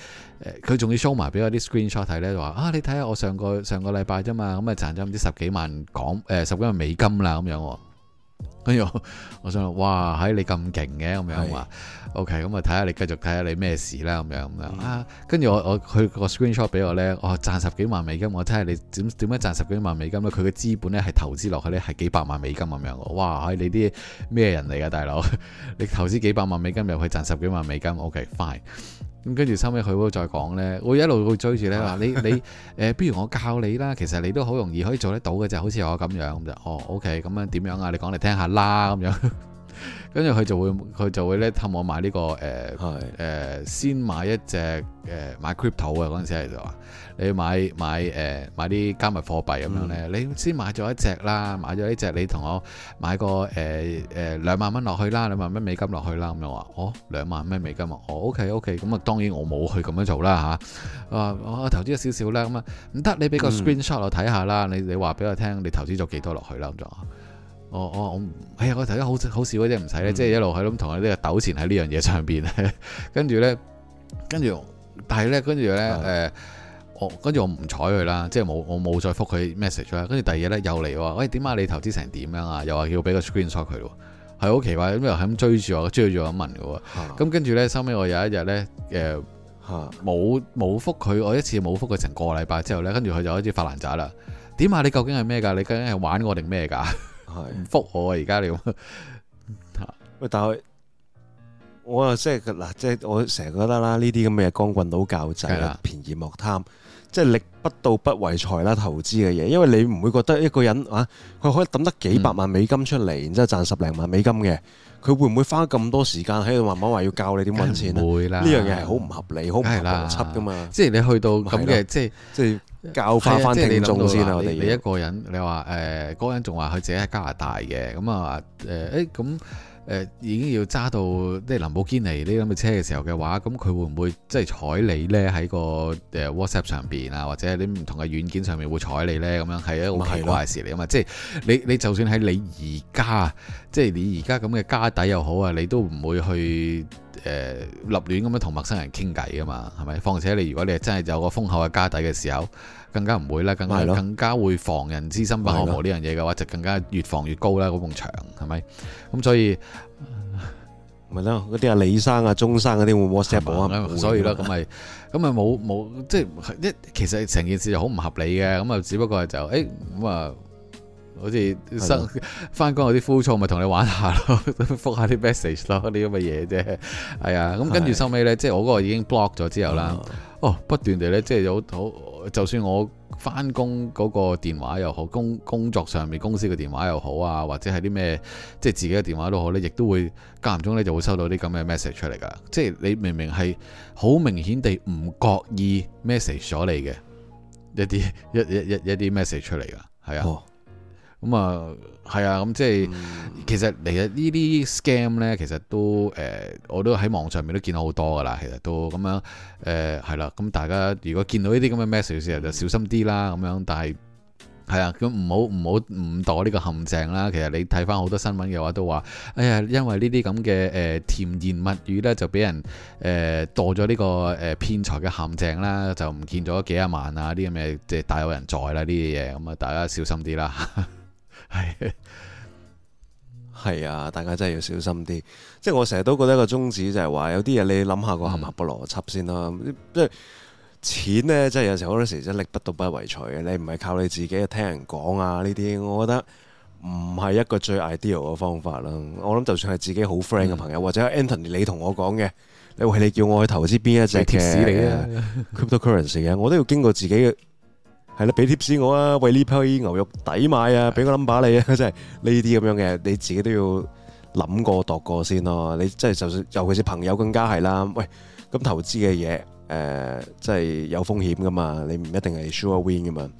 佢、呃、仲要 show 埋俾我啲 screen shot 睇咧，就話啊，你睇下我上個上個禮拜啫嘛，咁啊賺咗唔知十幾萬港誒、呃，十幾萬美金啦，咁樣、哦。跟住我，我想，哇，喺、哎、你咁勁嘅咁樣，話，O K，咁啊睇下你繼續睇下你咩事啦，咁樣咁樣啊，跟住是我、嗯、我佢個 screen shot 俾我咧，我賺十幾萬美金，我睇下你點點樣賺十幾萬美金咧，佢嘅資本咧係投資落去咧係幾百萬美金咁樣，哇，你啲咩人嚟噶大佬？ 你投資幾百萬美金入去賺十幾萬美金，O K，fine。Okay, fine. 咁跟住收尾佢會再講呢，會一路會追住咧話你你誒、呃，不如我教你啦，其實你都好容易可以做得到嘅就好似我咁樣咁就，哦，OK，咁樣點樣啊？你講嚟聽下啦咁樣，跟住佢就會佢就會呢，氹我買呢、呢個誒誒、呃是的 呃，先買一隻誒、呃、買 crypto 啊，嗰陣時係就話。你買買誒、呃、買啲加密貨幣咁樣咧，嗯、你先買咗一隻啦，買咗一隻你同我買個誒誒兩萬蚊落去啦，兩萬蚊美金落去啦。咁我話：哦兩萬蚊美金啊，我 O K O K 咁啊。Okay, okay，當然我冇去咁樣做啦吓，啊我、啊啊、投資咗少少啦。咁啊，唔得你俾個 screen shot 我睇下啦。你你話俾我聽，你投資咗幾多落去啦咁就、啊。我我我哎呀，我頭先好好少嗰啲唔使咧，即係、嗯、一路喺咁同佢呢個糾纏喺呢樣嘢上邊咧。跟住咧， 跟住但係咧，跟住咧誒。嗯嗯跟住我唔睬佢啦，即係冇我冇再復佢 message 啦。跟住第二日咧又嚟喎，喂，點解你投資成點樣啊？又話要俾個 screen shot 佢咯，係好奇怪咁又係咁追住我，追住我咁問噶喎。咁跟住咧，收尾我有一日咧，誒，冇冇復佢，我一次冇復佢成個禮拜之後咧，跟住佢就開始發爛渣啦。點啊你究竟係咩噶？你究竟係玩我定咩噶？唔復我而家你，喂但係我又即係嗱，即係我成日覺得啦，呢啲咁嘅光棍佬教仔，便宜莫貪。即係力不到不為財啦，投資嘅嘢，因為你唔會覺得一個人啊，佢可以抌得幾百萬美金出嚟，然之後賺十零萬美金嘅，佢會唔會花咁多時間喺度慢慢話要教你點揾錢？唔會啦，呢樣嘢係好唔合理、好唔合邏輯㗎嘛。即係你去到咁嘅，即係是即係教翻翻聽眾先啦。你你，一個人，你話誒嗰個人仲話佢自己係加拿大嘅，咁啊誒誒咁。呃欸誒已經要揸到即係林寶堅尼呢啲咁嘅車嘅時候嘅話，咁佢會唔會即係睬你呢，喺個誒 WhatsApp 上邊啊，或者啲唔同嘅軟件上面會睬你呢？咁樣係一個好奇怪嘅事嚟啊嘛！即係是你你就算喺你而家即係你而家咁嘅家底又好啊，你都唔會去誒、呃、立亂咁樣同陌生人傾偈噶嘛？係咪？況且你如果你真係有個豐厚嘅家底嘅時候。更加唔會啦，更加更加會防人之心不可無呢樣嘢嘅話，就更加越防越高啦，嗰埲牆係咪？咁所以咪咯，嗰啲啊李生啊、鍾生嗰啲會 WhatsApp 吧我啊，所以啦，咁咪咁咪冇冇，即係一其實成件事就好唔合理嘅，咁啊只不過就誒咁啊，好似生翻工有啲枯燥，咪同你玩下咯，覆下啲 message 咯，啲咁嘅嘢啫，係啊，咁跟住收尾咧，即係我嗰個已經 block 咗之後啦。嗯哦，oh, 不斷地咧，即係有好，就算我返工嗰個電話又好，工工作上面公司嘅電話又好啊，或者係啲咩，即係自己嘅電話都好咧，亦都會間唔中咧就會收到啲咁嘅 message 出嚟㗎。即係你明明係好明顯地唔覺意 message 咗你嘅一啲一一一啲 message 出嚟㗎，係啊。Oh. 咁、嗯、啊，係、嗯、啊，咁即係，其實嚟日呢啲 scam 咧，其實都誒，我都喺網上面都見到好多噶啦。其實都咁樣，誒係啦，咁、啊嗯、大家如果見到呢啲咁嘅 message 嘅時候，就小心啲啦，咁、嗯、樣。但係係啊，咁唔好唔好唔躲呢個陷阱啦。其實你睇翻好多新聞嘅話，都話，哎呀，因為呢啲咁嘅誒甜言蜜語咧，就俾人誒墮咗呢個誒騙財嘅陷阱啦，就唔見咗幾廿萬啊啲咁嘅，即係、就是、大有人在啦呢啲嘢。咁啊，大家小心啲啦。呵呵係係 啊！大家真係要小心啲。即係我成日都覺得一個宗旨就係話，有啲嘢你諗下個合唔合邏輯先啦，嗯。即係錢呢，即係有時好多時真係力不到不為財嘅。你唔係靠你自己聽人講啊呢啲，我覺得唔係一個最 ideal 嘅方法啦。我諗就算係自己好 friend 嘅朋友，嗯，或者 Anthony 你同我講嘅，你話你叫我去投資邊一隻貼士嚟嘅，啊啊， cryptocurrency 嘅，我都要經過自己嘅。係啦，俾貼士我啊，為呢批牛肉抵買啊，俾個 number 你啊，真係呢啲咁樣嘅，你自己都要諗過度過先咯。你真係，就算尤其是朋友更加係啦。喂，咁投資嘅嘢，誒、呃，真係有風險噶嘛，你唔一定係 sure win 噶嘛。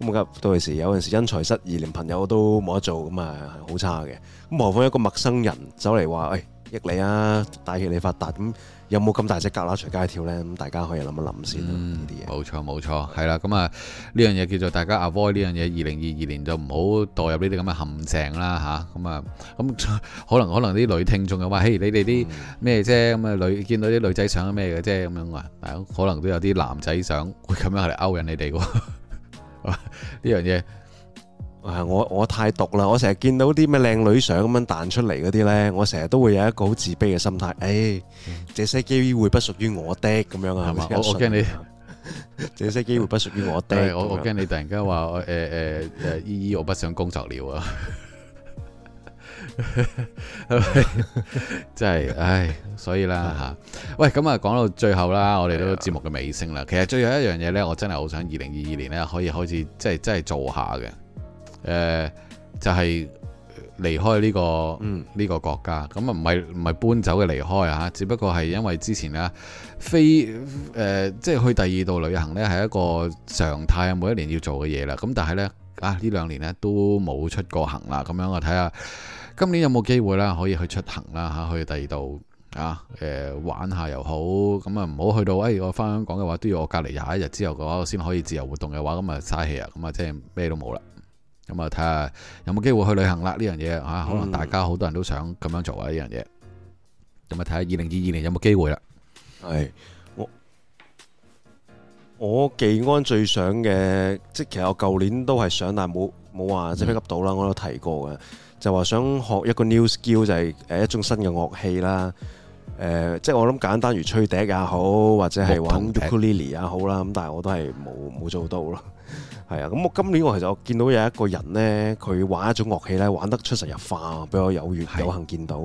咁啊，到時有陣時因財失義，連朋友都冇得做，咁啊，好差嘅。咁何況一個陌生人走嚟話，喂，益你啊，帶起你發達咁。有冇咁大隻蛤乸？隨街跳呢？咁大家可以諗一諗先啦。啲嘢冇錯冇錯，係啦。咁啊對，呢對樣嘢叫做大家 avoid 呢樣嘢。二零二二年就唔好墮入呢啲咁嘅陷阱啦，吓，咁啊，咁、嗯嗯、可能可能啲女聽眾又話：嘿、hey，你哋啲咩啫？咁啊，女見到啲女仔想咩嘅啫，咁樣啊。但係可能都有啲男仔想會咁樣嚟勾引你哋喎。呢 樣嘢。我我太毒啦！我成日見到啲咩靚女相咁樣彈出嚟嗰啲呢，我成日都會有一個好自卑嘅心態。誒、欸，這些機會不屬於我的咁樣啊？係嘛？我我驚你，這些機會不屬於我爹。 欸、我樣我驚你突然間話誒誒誒姨我不想工作了啊！ 真係，唉，所以啦吓， 喂，咁啊，講到最後啦，我哋個節目嘅尾聲啦。其實最後一樣嘢呢，我真係好想二零二二年呢，可以開始，即係真係做下嘅。誒、呃，就係、是、離開呢、這個呢、嗯、個國家，咁啊唔係唔係搬走嘅離開啊，只不過係因為之前呢，飛誒、呃，即係去第二度旅行呢，係一個常態啊，每一年要做嘅嘢啦。咁但係呢，啊呢兩年呢都冇出過行啦，咁樣我睇下今年有冇機會啦，可以去出行啦吓，去第二度啊誒、呃、玩下又好，咁啊唔好去到誒、哎、我返香港嘅話都要我隔離廿一日之後嘅話我先可以自由活動嘅話，咁啊嘥氣啊，咁啊即係咩都冇啦。咁啊，睇下有冇機會去旅行啦？呢樣嘢吓，可能大家好、嗯、多人都想咁樣做啊！呢樣嘢，咁啊睇下二零二二年有冇機會啦。係我我技安最想嘅，即係其實我舊年都係想，但係冇冇話即係 pick up 到啦。我都提過嘅，嗯、就話想學一個 new skill，就係誒一種新嘅樂器啦。誒、呃，即係我諗簡單，如吹笛也好，或者係玩，玩 ukulele 也好啦。咁但係我都係冇冇做到咯。係啊，咁我今年我其實我見到有一個人呢，佢玩一種樂器呢，玩得出神入化，俾我有緣有幸見到。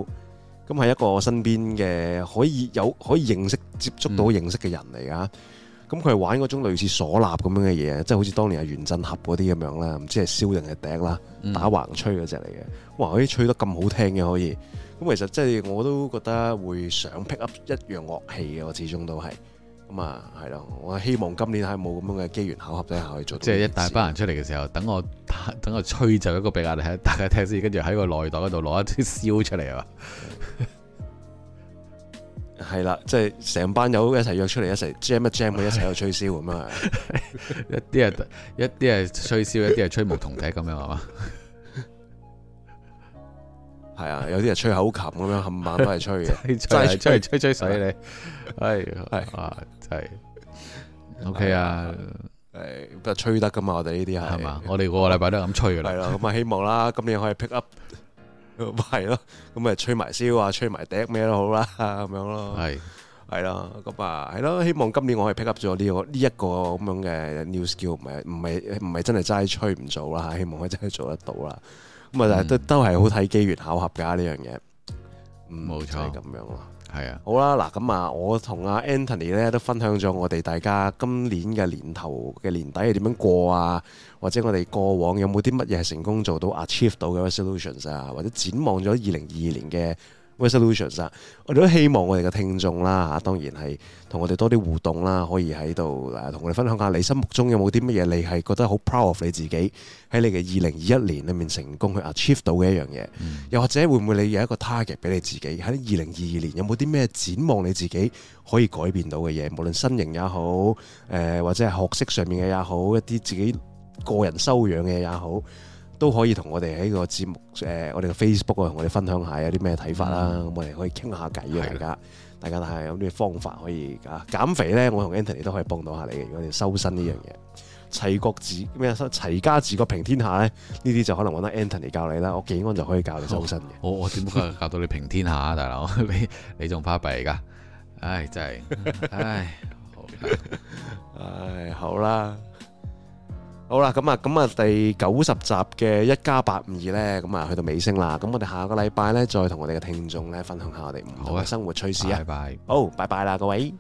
咁係是一個我身邊嘅可以有可以認識接觸到認識嘅人嚟㗎。咁佢係玩嗰種類似嗩吶咁樣嘅嘢，即係好似當年係袁振合嗰啲咁樣啦，唔知係簫定係笛啦，打橫吹嗰隻嚟嘅。嗯、哇，可以吹得咁好聽嘅可以。咁其實即係我都覺得會想 pick up 一樣樂器嘅，我始終都係。咁啊，係咯！我希望今年係冇咁樣嘅機緣巧合，之下去做。即係一大班人出嚟嘅時候，等我等我吹就一個比較，畀大家聽先。跟住喺個內袋嗰度攞一支、就是、燒出嚟啊！係、就、啦、是，即係成班友一齊約出嚟一齊 jam 一 jam，一齊去吹簫咁樣！一啲人一啲係吹簫，一啲係吹木同笛咁樣啊嘛！係啊，有啲人吹口琴咁樣，冚唪唥都係吹嘅，齋係吹吹水你。係啊！係，OK 啊，係都吹得噶嘛，我哋呢啲係嘛，我哋個個禮拜都係咁吹噶啦，係咯，咁啊希望啦，今年可以 pick up，係咯，咁啊吹埋燒啊，吹埋笛咩都好啦，咁樣咯，係，係咯，咁啊係咯，希望今年我可以 pick up 咗呢個呢一個咁樣嘅 news，叫唔係唔係唔係真係齋吹唔做啦，希望我真係做得到啦，咁啊都都係好睇機緣巧合噶呢樣嘢，冇錯，係咁樣咯。係啊，好啦，嗱，咁啊，我同阿 Anthony 咧都分享咗我哋大家今年嘅年頭嘅年底係點樣過啊，或者我哋過往有冇啲乜嘢係成功做到 achieve 到嘅 resolutions 啊，或者展望咗二零二二年嘅 resolutions 啊，Resolutions，我哋都希望我哋嘅聽眾啦，吓當然係同我哋多啲互動啦，可以喺度同我哋分享下你心目中有冇啲乜嘢，你係覺得好 proud of 你自己喺你嘅二零二一年裏面成功去 achieve 到嘅一樣嘢，嗯、又或者會唔會你有一個 target 俾你自己喺二零二二年有冇啲咩展望你自己可以改變到嘅嘢，無論身形也好，誒、呃、或者係學識上面嘅也好，一啲自己個人修養嘅也好。都可以同我哋喺個節目誒、呃，我哋嘅 Facebook 啊，同我哋分享下有啲咩睇法啦，咁、嗯、我哋可以傾下偈，啊，而家大家係有咩方法可以噶、啊、減肥咧，我同 Anthony 都可以幫到下你嘅。如果你修身呢樣嘢，嗯、齊國自咩啊？齊家治國平天下咧，呢啲就可能揾得 Anthony 教你啦。我健安就可以教你修身嘅、哦。我我點解教到你平天下啊，大佬？你你仲怕弊㗎？唉，真係唉好 唉，好啦。好啦，咁、嗯、啊，第九十集嘅一家八五二呢，咁、嗯、啊，去到尾聲啦。咁好我哋下個禮拜呢，再同我哋嘅聽眾呢，分享下我哋唔同嘅生活趣事、啊、拜拜，好，拜拜啦，各位。